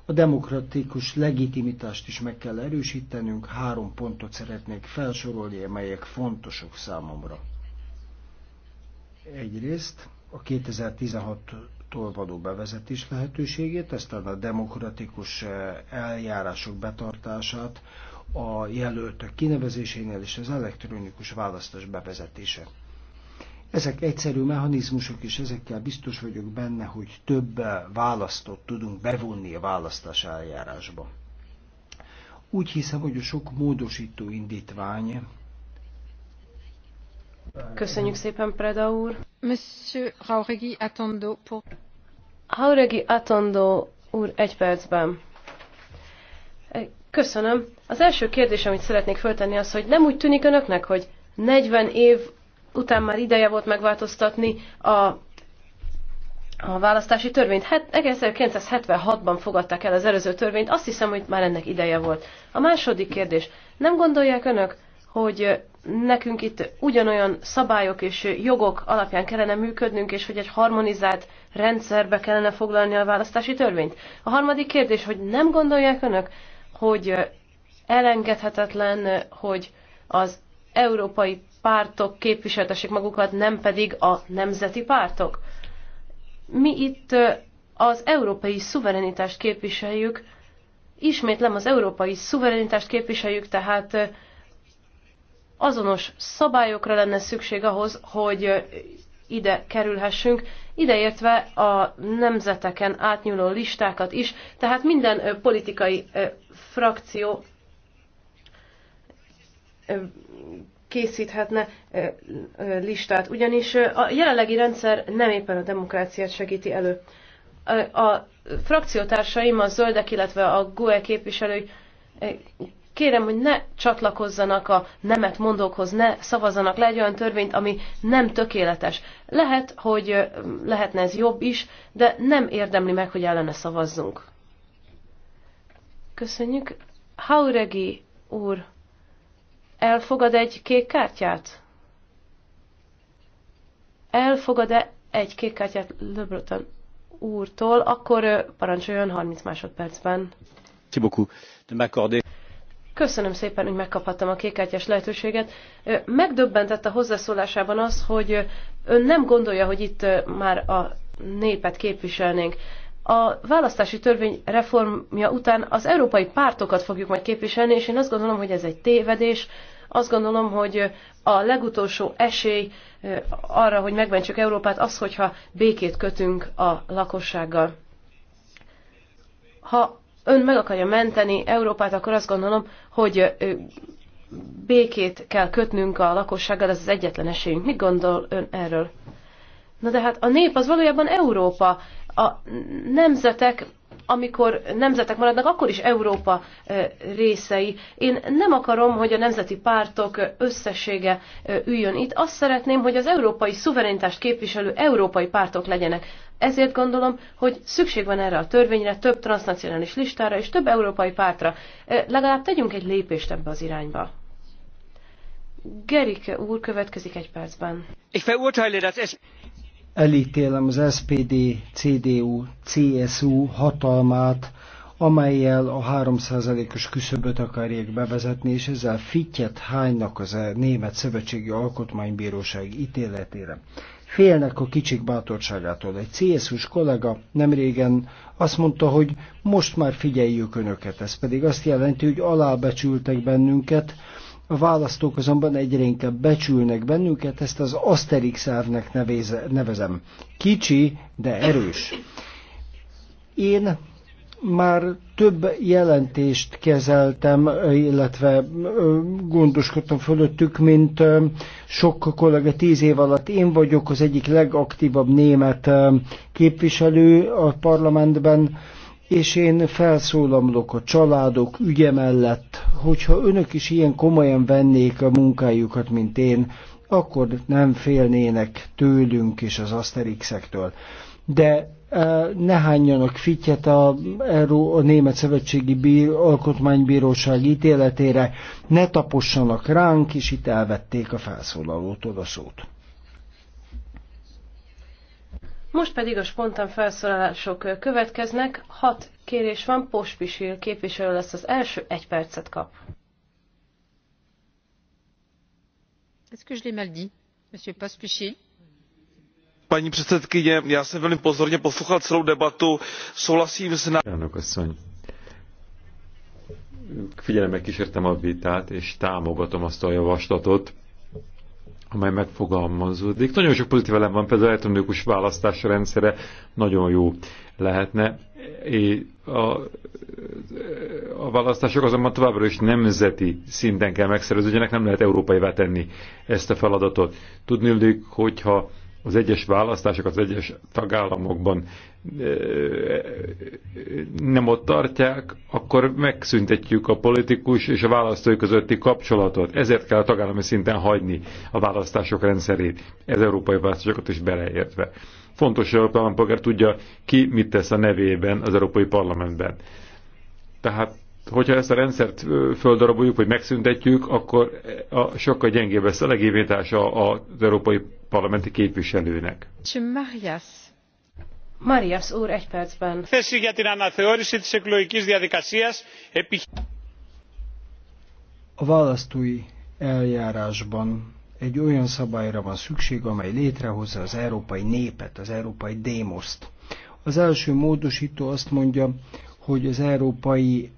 A demokratikus legitimitást is meg kell erősítenünk, három pontot szeretnék felsorolni, amelyek fontosak számomra egyrészt a 2016-tól való bevezetés lehetőségét, ezt a demokratikus eh, eljárások betartását, a jelöltök kinevezésénél és az elektronikus választás bevezetése. Ezek egyszerű mechanizmusok, és ezekkel biztos vagyok benne, hogy több eh, választott tudunk bevonni a választás eljárásba. Úgy hiszem, hogy a sok módosító indítvány Köszönjük szépen, Preda úr. Monsieur Hauregi Atondo. Hauregi Atondo úr, egy percben. Köszönöm. Az első kérdés, amit szeretnék föltenni, az, hogy nem úgy tűnik önöknek, hogy 40 év után már ideje volt megváltoztatni a, a választási törvényt. Hát, Het, 1976-ban fogadták el az előző törvényt, azt hiszem, hogy már ennek ideje volt. A második kérdés. Nem gondolják önök, hogy nekünk itt ugyanolyan szabályok és jogok alapján kellene működnünk, és hogy egy harmonizált rendszerbe kellene foglalni a választási törvényt. A harmadik kérdés, hogy nem gondolják önök, hogy elengedhetetlen, hogy az európai pártok képviseltessék magukat, nem pedig a nemzeti pártok. Mi itt az európai szuverenitást képviseljük, ismétlem, az európai szuverenitást képviseljük, tehát azonos szabályokra lenne szükség ahhoz, hogy ide kerülhessünk, ideértve a nemzeteken átnyúló listákat is, tehát minden politikai frakció készíthetne listát, ugyanis a jelenlegi rendszer nem éppen a demokráciát segíti elő. A frakciótársaim, a zöldek, illetve a GUE képviselői kérem, hogy ne csatlakozzanak a nemet mondókhoz, ne szavazzanak le egy olyan törvényt, ami nem tökéletes. Lehet, hogy lehetne ez jobb is, de nem érdemli meg, hogy ellene szavazzunk. Köszönjük. Hauregi úr, elfogad egy kék kártyát? Elfogad-e egy kék kártyát Löbrotan úrtól, akkor parancsoljon 30 másodpercben. Merci beaucoup de m'accorder. Köszönöm szépen, hogy megkaphattam a kékkártyás lehetőséget. Megdöbbentett a hozzászólásában az, hogy ön nem gondolja, hogy itt már a népet képviselnénk. A választási törvény reformja után az európai pártokat fogjuk majd képviselni, és én azt gondolom, hogy ez egy tévedés. Azt gondolom, hogy a legutolsó esély arra, hogy megmentsük Európát, az, hogyha békét kötünk a lakossággal. Ha ön meg akarja menteni Európát, akkor azt gondolom, hogy békét kell kötnünk a lakossággal, ez az egyetlen esélyünk. Mit gondol ön erről? Na de hát a nép az valójában Európa. A nemzetek amikor nemzetek maradnak, akkor is Európa részei. Én nem akarom, hogy a nemzeti pártok összessége üljön itt. Azt szeretném, hogy az európai szuverenitást képviselő európai pártok legyenek. Ezért gondolom, hogy szükség van erre a törvényre, több transnacionális listára és több európai pártra. Legalább tegyünk egy lépést ebbe az irányba. Gerike úr következik egy percben. Ich verurteile das elítélem az SPD, CDU, CSU hatalmát, amelyel a 3%-os küszöböt akarják bevezetni, és ezzel fittyet hánynak az a Német Szövetségi Alkotmánybíróság ítéletére. Félnek a kicsik bátorságától. Egy CSU-s kollega nemrégen azt mondta, hogy most már figyeljük önöket, ez pedig azt jelenti, hogy alábecsültek bennünket, a választók azonban egyre inkább becsülnek bennünket, ezt az Asterix elvnek nevezem. Kicsi, de erős. Én már több jelentést kezeltem, illetve gondoskodtam fölöttük, mint sok kollega tíz év alatt. Én vagyok az egyik legaktívabb német képviselő a parlamentben, és én felszólamlok a családok ügye mellett, hogyha önök is ilyen komolyan vennék a munkájukat, mint én, akkor nem félnének tőlünk és az Asterixektől. De e, ne hányjanak fityet a, a Német Szövetségi Bír, Alkotmánybíróság ítéletére, ne tapossanak ránk, és itt elvették a felszólalótól a szót. Most pedig a spontán felszólalások következnek. Hat kérés van, Pospisil képviselő lesz az első, egy percet kap. Est-ce que je l'ai mal dit, Monsieur Pospisil? Paní předsedkyně, já jsem velmi pozorně poslouchal celou debatu, souhlasím s... námi. Ano, kosoň. figyelemmel kísértem a vitát, és támogatom azt a javaslatot, amely megfogalmazódik. Nagyon sok pozitív elem van, például elektronikus választás rendszere nagyon jó lehetne. A, a választások azonban továbbra is nemzeti szinten kell megszerződjenek, nem lehet európaivá tenni ezt a feladatot. Tudni, hogyha az egyes választások az egyes tagállamokban nem ott tartják, akkor megszüntetjük a politikus és a választói közötti kapcsolatot. Ezért kell a tagállami szinten hagyni a választások rendszerét, ez európai választásokat is beleértve. Fontos, hogy a állampolgár tudja, ki mit tesz a nevében az Európai Parlamentben. Tehát hogyha ezt a rendszert földaraboljuk, vagy megszüntetjük, akkor a sokkal gyengébb lesz a legévétása az európai parlamenti képviselőnek. Marias. Marias úr, egy percben. A választói eljárásban egy olyan szabályra van szükség, amely létrehozza az európai népet, az európai démoszt. Az első módosító azt mondja, hogy az európai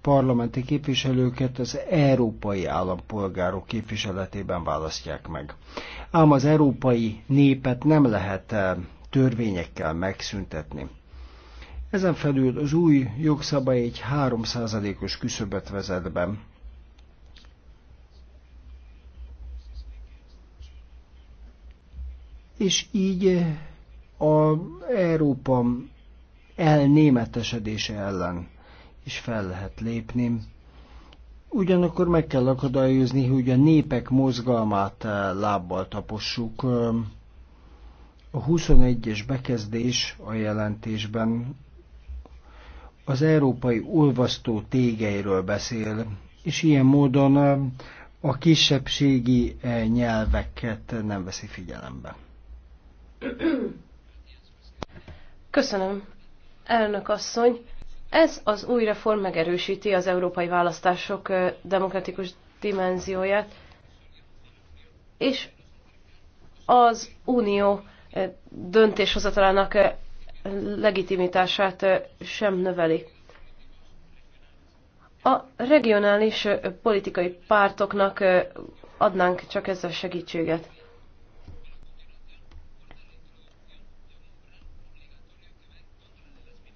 parlamenti képviselőket az európai állampolgárok képviseletében választják meg. Ám az európai népet nem lehet törvényekkel megszüntetni. Ezen felül az új jogszabály egy 3%-os küszöbet vezet be. És így az Európa elnémetesedése ellen is fel lehet lépni. Ugyanakkor meg kell akadályozni, hogy a népek mozgalmát eh, lábbal tapossuk. A 21-es bekezdés a jelentésben az európai olvasztó tégeiről beszél, és ilyen módon eh, a kisebbségi eh, nyelveket nem veszi figyelembe. Köszönöm Elnök asszony, ez az új reform megerősíti az európai választások demokratikus dimenzióját, és az unió döntéshozatalának legitimitását sem növeli. A regionális politikai pártoknak adnánk csak ezzel segítséget.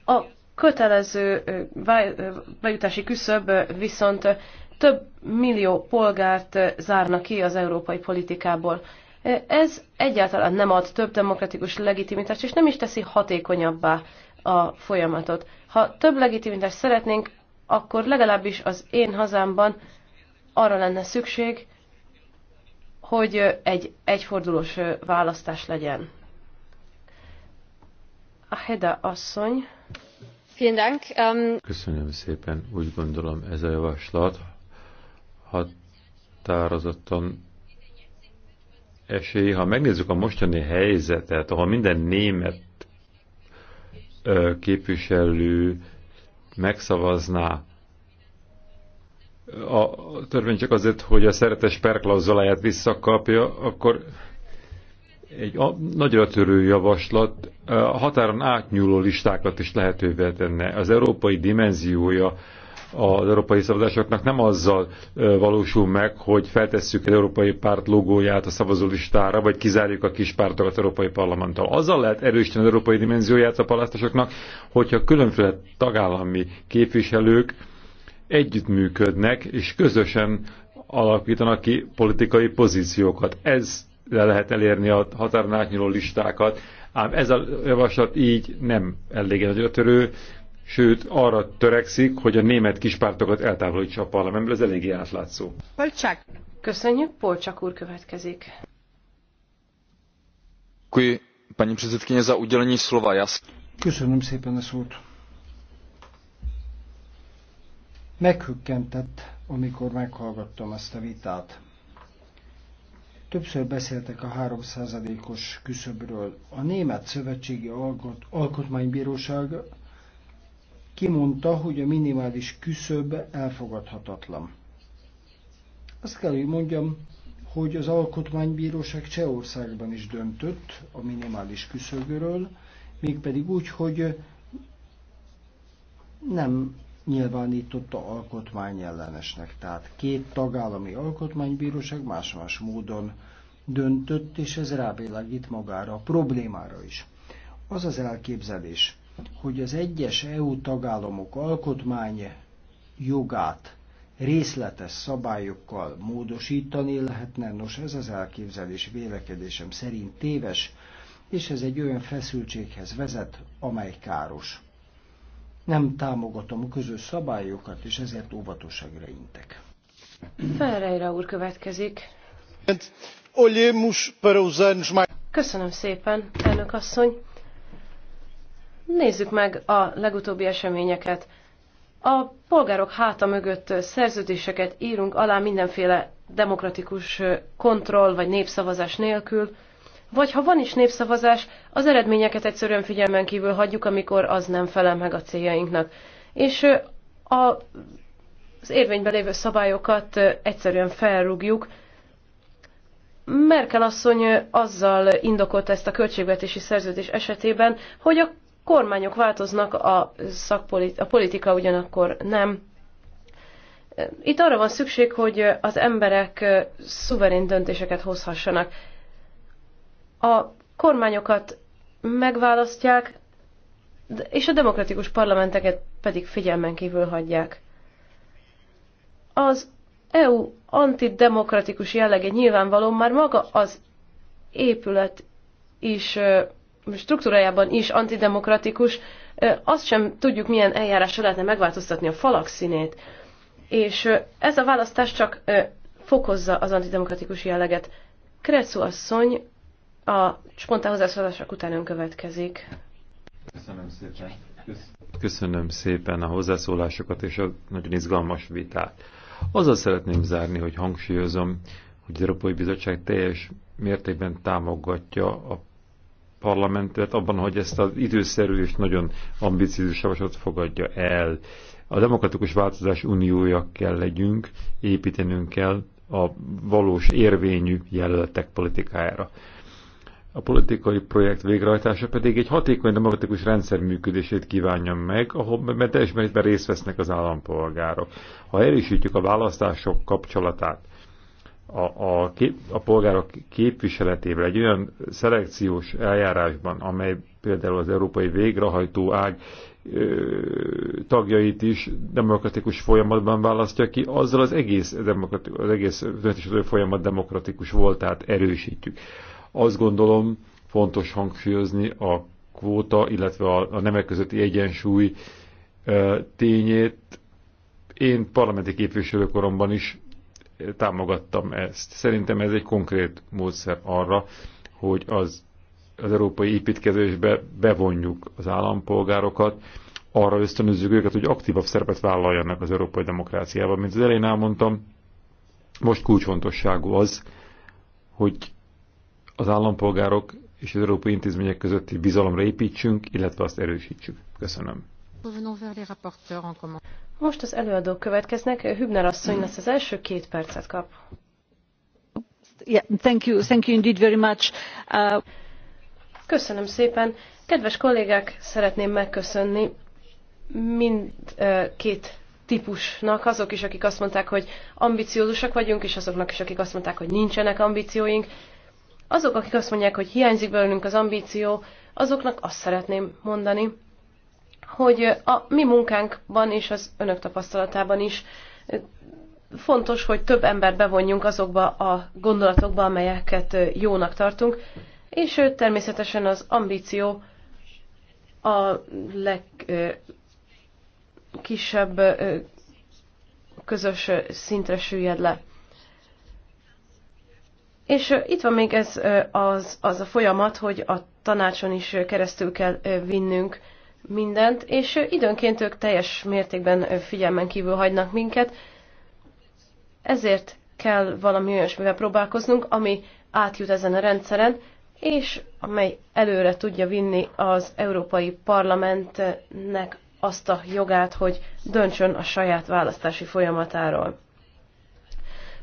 A kötelező bejutási küszöb viszont több millió polgárt zárna ki az európai politikából. Ez egyáltalán nem ad több demokratikus legitimitást, és nem is teszi hatékonyabbá a folyamatot. Ha több legitimitást szeretnénk, akkor legalábbis az én hazámban arra lenne szükség, hogy egy egyfordulós választás legyen. A Heda asszony. Ähm, Köszönöm szépen. Úgy gondolom ez a javaslat határozottan esély. Ha megnézzük a mostani helyzetet, ahol minden német képviselő megszavazná a törvény csak azért, hogy a szeretes perklauzoláját visszakapja, akkor egy nagyra törő javaslat a határon átnyúló listákat is lehetővé tenne. Az európai dimenziója az európai szavazásoknak nem azzal valósul meg, hogy feltesszük az európai párt logóját a szavazólistára, vagy kizárjuk a kis pártokat az európai parlamenttal. Azzal lehet erősíteni az európai dimenzióját a palasztosoknak, hogyha különféle tagállami képviselők együttműködnek, és közösen alakítanak ki politikai pozíciókat. Ez le lehet elérni a határon átnyúló listákat, ám ez a javaslat így nem elég nagy törő, sőt arra törekszik, hogy a német kispártokat eltávolítsa a parlamentből, ez eléggé átlátszó. Polcsák. Köszönjük, Polcsak úr következik. Děkuji, paní předsedkyně, za udělení slova. Já... Köszönöm szépen a szót. Meghükkentett, amikor meghallgattam ezt a vitát. Többször beszéltek a 3%-os küszöbről. A Német Szövetségi Alkot- Alkotmánybíróság kimondta, hogy a minimális küszöb elfogadhatatlan. Azt kell, hogy mondjam, hogy az Alkotmánybíróság Csehországban is döntött a minimális küszöbről, mégpedig úgy, hogy nem nyilvánította alkotmányellenesnek. Tehát két tagállami alkotmánybíróság más-más módon döntött, és ez rávilágít magára a problémára is. Az az elképzelés, hogy az egyes EU tagállamok alkotmány jogát részletes szabályokkal módosítani lehetne, nos ez az elképzelés vélekedésem szerint téves, és ez egy olyan feszültséghez vezet, amely káros nem támogatom a közös szabályokat, és ezért óvatosságra intek. Ferreira úr következik. Köszönöm szépen, elnök asszony. Nézzük meg a legutóbbi eseményeket. A polgárok háta mögött szerződéseket írunk alá mindenféle demokratikus kontroll vagy népszavazás nélkül, vagy ha van is népszavazás, az eredményeket egyszerűen figyelmen kívül hagyjuk, amikor az nem felel meg a céljainknak. És a, az érvényben lévő szabályokat egyszerűen felrúgjuk. Merkel asszony azzal indokolta ezt a költségvetési szerződés esetében, hogy a kormányok változnak, a, szakpolitika, a politika ugyanakkor nem. Itt arra van szükség, hogy az emberek szuverén döntéseket hozhassanak a kormányokat megválasztják, és a demokratikus parlamenteket pedig figyelmen kívül hagyják. Az EU antidemokratikus jellege nyilvánvaló már maga az épület is struktúrájában is antidemokratikus, azt sem tudjuk, milyen eljárásra lehetne megváltoztatni a falak színét. És ez a választás csak fokozza az antidemokratikus jelleget. Kretszó asszony a spontán hozzászólások után ön következik. Köszönöm szépen. Köszönöm szépen a hozzászólásokat és a nagyon izgalmas vitát. Azzal szeretném zárni, hogy hangsúlyozom, hogy az Európai Bizottság teljes mértékben támogatja a parlamentet abban, hogy ezt az időszerű és nagyon ambiciózus javaslatot fogadja el. A demokratikus változás uniója kell legyünk, építenünk kell a valós érvényű jelöltek politikájára. A politikai projekt végrehajtása pedig egy hatékony demokratikus rendszer működését kívánja meg, ahol mert teljes mértékben részt vesznek az állampolgárok. Ha erősítjük a választások kapcsolatát a, a, kép, a polgárok képviseletével egy olyan szelekciós eljárásban, amely például az európai végrehajtó ág tagjait is demokratikus folyamatban választja ki, azzal az egész, az egész folyamat demokratikus voltát erősítjük. Azt gondolom fontos hangsúlyozni a kvóta, illetve a, a nemek közötti egyensúly e, tényét. Én parlamenti képviselőkoromban is támogattam ezt. Szerintem ez egy konkrét módszer arra, hogy az, az európai építkezésbe bevonjuk az állampolgárokat, arra ösztönözzük őket, hogy aktívabb szerepet vállaljanak az európai demokráciában. Mint az elején elmondtam, most kulcsfontosságú az, hogy az állampolgárok és az európai intézmények közötti bizalomra építsünk, illetve azt erősítsük. Köszönöm. Most az előadók következnek. Hübner asszony lesz az első két percet kap. Yeah, thank you, thank you indeed very much. Uh... Köszönöm szépen. Kedves kollégák, szeretném megköszönni mind uh, két típusnak, azok is, akik azt mondták, hogy ambiciózusak vagyunk, és azoknak is, akik azt mondták, hogy nincsenek ambícióink. Azok, akik azt mondják, hogy hiányzik belőlünk az ambíció, azoknak azt szeretném mondani, hogy a mi munkánkban és az önök tapasztalatában is fontos, hogy több embert bevonjunk azokba a gondolatokba, amelyeket jónak tartunk, és természetesen az ambíció a legkisebb közös szintre süllyed le. És itt van még ez az, az a folyamat, hogy a tanácson is keresztül kell vinnünk mindent, és időnként ők teljes mértékben figyelmen kívül hagynak minket. Ezért kell valami olyasmivel próbálkoznunk, ami átjut ezen a rendszeren, és amely előre tudja vinni az Európai Parlamentnek azt a jogát, hogy döntsön a saját választási folyamatáról.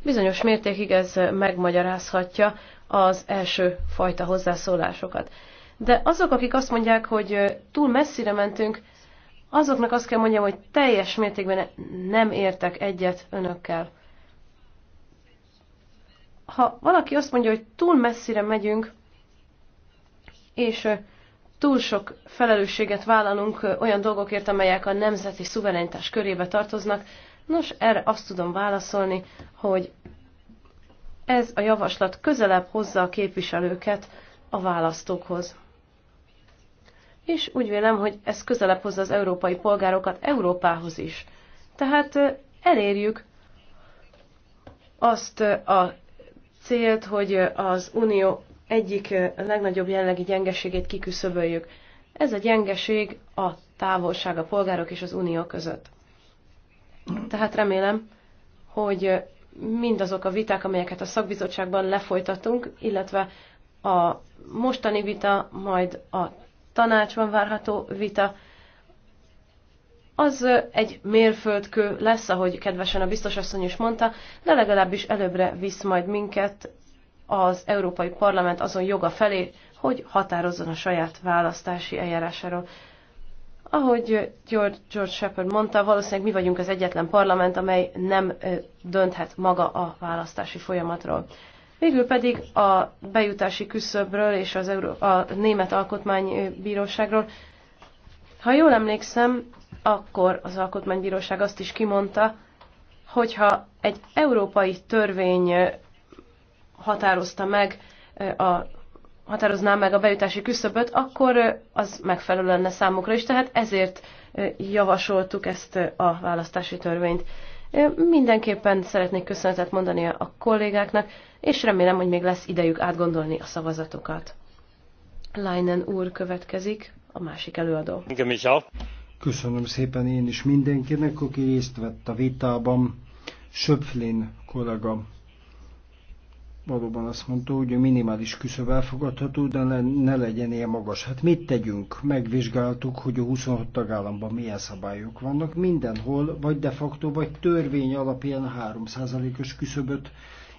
Bizonyos mértékig ez megmagyarázhatja az első fajta hozzászólásokat. De azok, akik azt mondják, hogy túl messzire mentünk, azoknak azt kell mondjam, hogy teljes mértékben nem értek egyet önökkel. Ha valaki azt mondja, hogy túl messzire megyünk, és túl sok felelősséget vállalunk olyan dolgokért, amelyek a nemzeti szuverenitás körébe tartoznak, Nos, erre azt tudom válaszolni, hogy ez a javaslat közelebb hozza a képviselőket a választókhoz. És úgy vélem, hogy ez közelebb hozza az európai polgárokat Európához is. Tehát elérjük azt a célt, hogy az Unió egyik legnagyobb jellegi gyengeségét kiküszöböljük. Ez a gyengeség a távolság a polgárok és az Unió között. Tehát remélem, hogy mindazok a viták, amelyeket a szakbizottságban lefolytatunk, illetve a mostani vita, majd a tanácsban várható vita, az egy mérföldkő lesz, ahogy kedvesen a biztos asszony is mondta, de legalábbis előbbre visz majd minket az Európai Parlament azon joga felé, hogy határozzon a saját választási eljárásáról. Ahogy George, George Shepard mondta, valószínűleg mi vagyunk az egyetlen parlament, amely nem dönthet maga a választási folyamatról. Végül pedig a bejutási küszöbről és az Euró- a Német Alkotmánybíróságról. Ha jól emlékszem, akkor az Alkotmánybíróság azt is kimondta, hogyha egy európai törvény határozta meg a határozná meg a bejutási küszöböt, akkor az megfelelő lenne számukra is, tehát ezért javasoltuk ezt a választási törvényt. Mindenképpen szeretnék köszönetet mondani a kollégáknak, és remélem, hogy még lesz idejük átgondolni a szavazatokat. Leinen úr következik, a másik előadó. Köszönöm szépen én is mindenkinek, aki részt vett a vitában. Söpflin kollega valóban azt mondta, hogy a minimális küszöb elfogadható, de ne, ne legyen ilyen magas. Hát mit tegyünk? Megvizsgáltuk, hogy a 26 tagállamban milyen szabályok vannak. Mindenhol, vagy de facto, vagy törvény alapján 3%-os küszöböt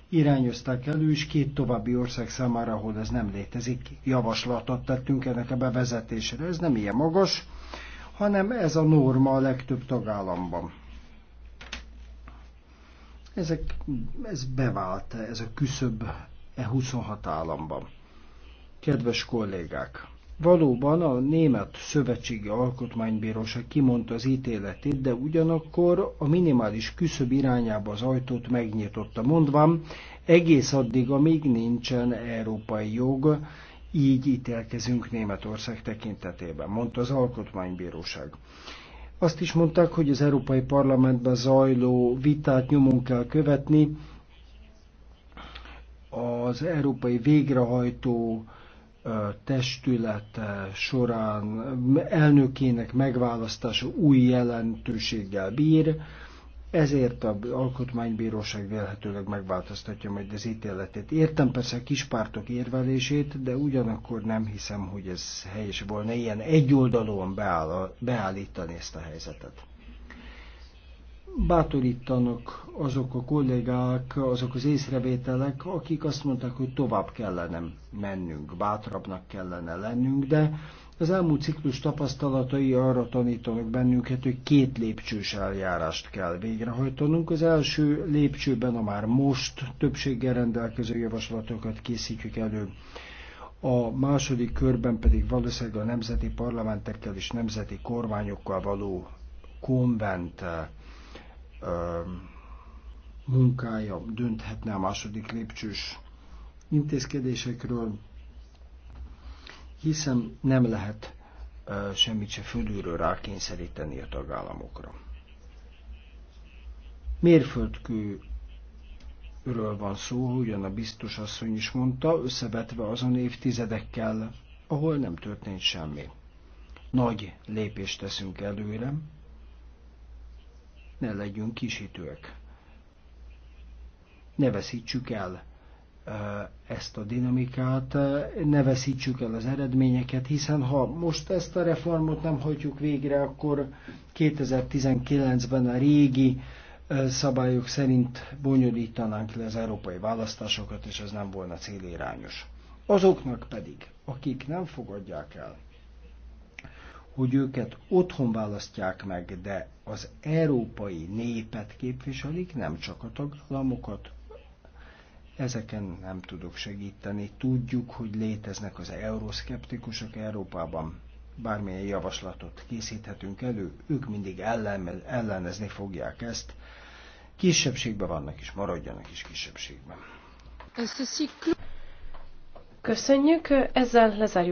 irányozták elő, és két további ország számára, ahol ez nem létezik, javaslatot tettünk ennek a bevezetésére. Ez nem ilyen magas, hanem ez a norma a legtöbb tagállamban. Ezek, ez bevált, ez a küszöb E26 államban. Kedves kollégák! Valóban a Német Szövetségi Alkotmánybíróság kimondta az ítéletét, de ugyanakkor a minimális küszöb irányába az ajtót megnyitotta, mondván egész addig, amíg nincsen európai jog, így ítélkezünk Németország tekintetében, mondta az Alkotmánybíróság. Azt is mondták, hogy az Európai Parlamentben zajló vitát nyomon kell követni, az Európai Végrehajtó testület során elnökének megválasztása új jelentőséggel bír, ezért a alkotmánybíróság vélhetőleg megváltoztatja majd az ítéletét. Értem persze a kispártok érvelését, de ugyanakkor nem hiszem, hogy ez helyes volna ilyen egyoldalúan beáll, beállítani ezt a helyzetet. Bátorítanak azok a kollégák, azok az észrevételek, akik azt mondták, hogy tovább kellene mennünk, bátrabbnak kellene lennünk, de az elmúlt ciklus tapasztalatai arra tanítanak bennünket, hogy két lépcsős eljárást kell végrehajtanunk. Az első lépcsőben a már most többséggel rendelkező javaslatokat készítjük elő. A második körben pedig valószínűleg a nemzeti parlamentekkel és nemzeti kormányokkal való konvent munkája dönthetne a második lépcsős intézkedésekről, hiszen nem lehet semmit se fölülről rákényszeríteni a tagállamokra. Mérföldkőről van szó, ugyan a biztos asszony is mondta, összevetve azon évtizedekkel, ahol nem történt semmi. Nagy lépést teszünk előre, ne legyünk kisítőek. Ne veszítsük el ezt a dinamikát, ne veszítsük el az eredményeket, hiszen ha most ezt a reformot nem hagyjuk végre, akkor 2019-ben a régi szabályok szerint bonyolítanánk le az európai választásokat, és ez nem volna célirányos. Azoknak pedig, akik nem fogadják el, hogy őket otthon választják meg, de az európai népet képviselik, nem csak a tagállamokat, Ezeken nem tudok segíteni. Tudjuk, hogy léteznek az euroszkeptikusok Európában. Bármilyen javaslatot készíthetünk elő, ők mindig ellen, ellenezni fogják ezt. Kisebbségben vannak és maradjanak is kisebbségben. Köszönjük, ezzel lezárjuk.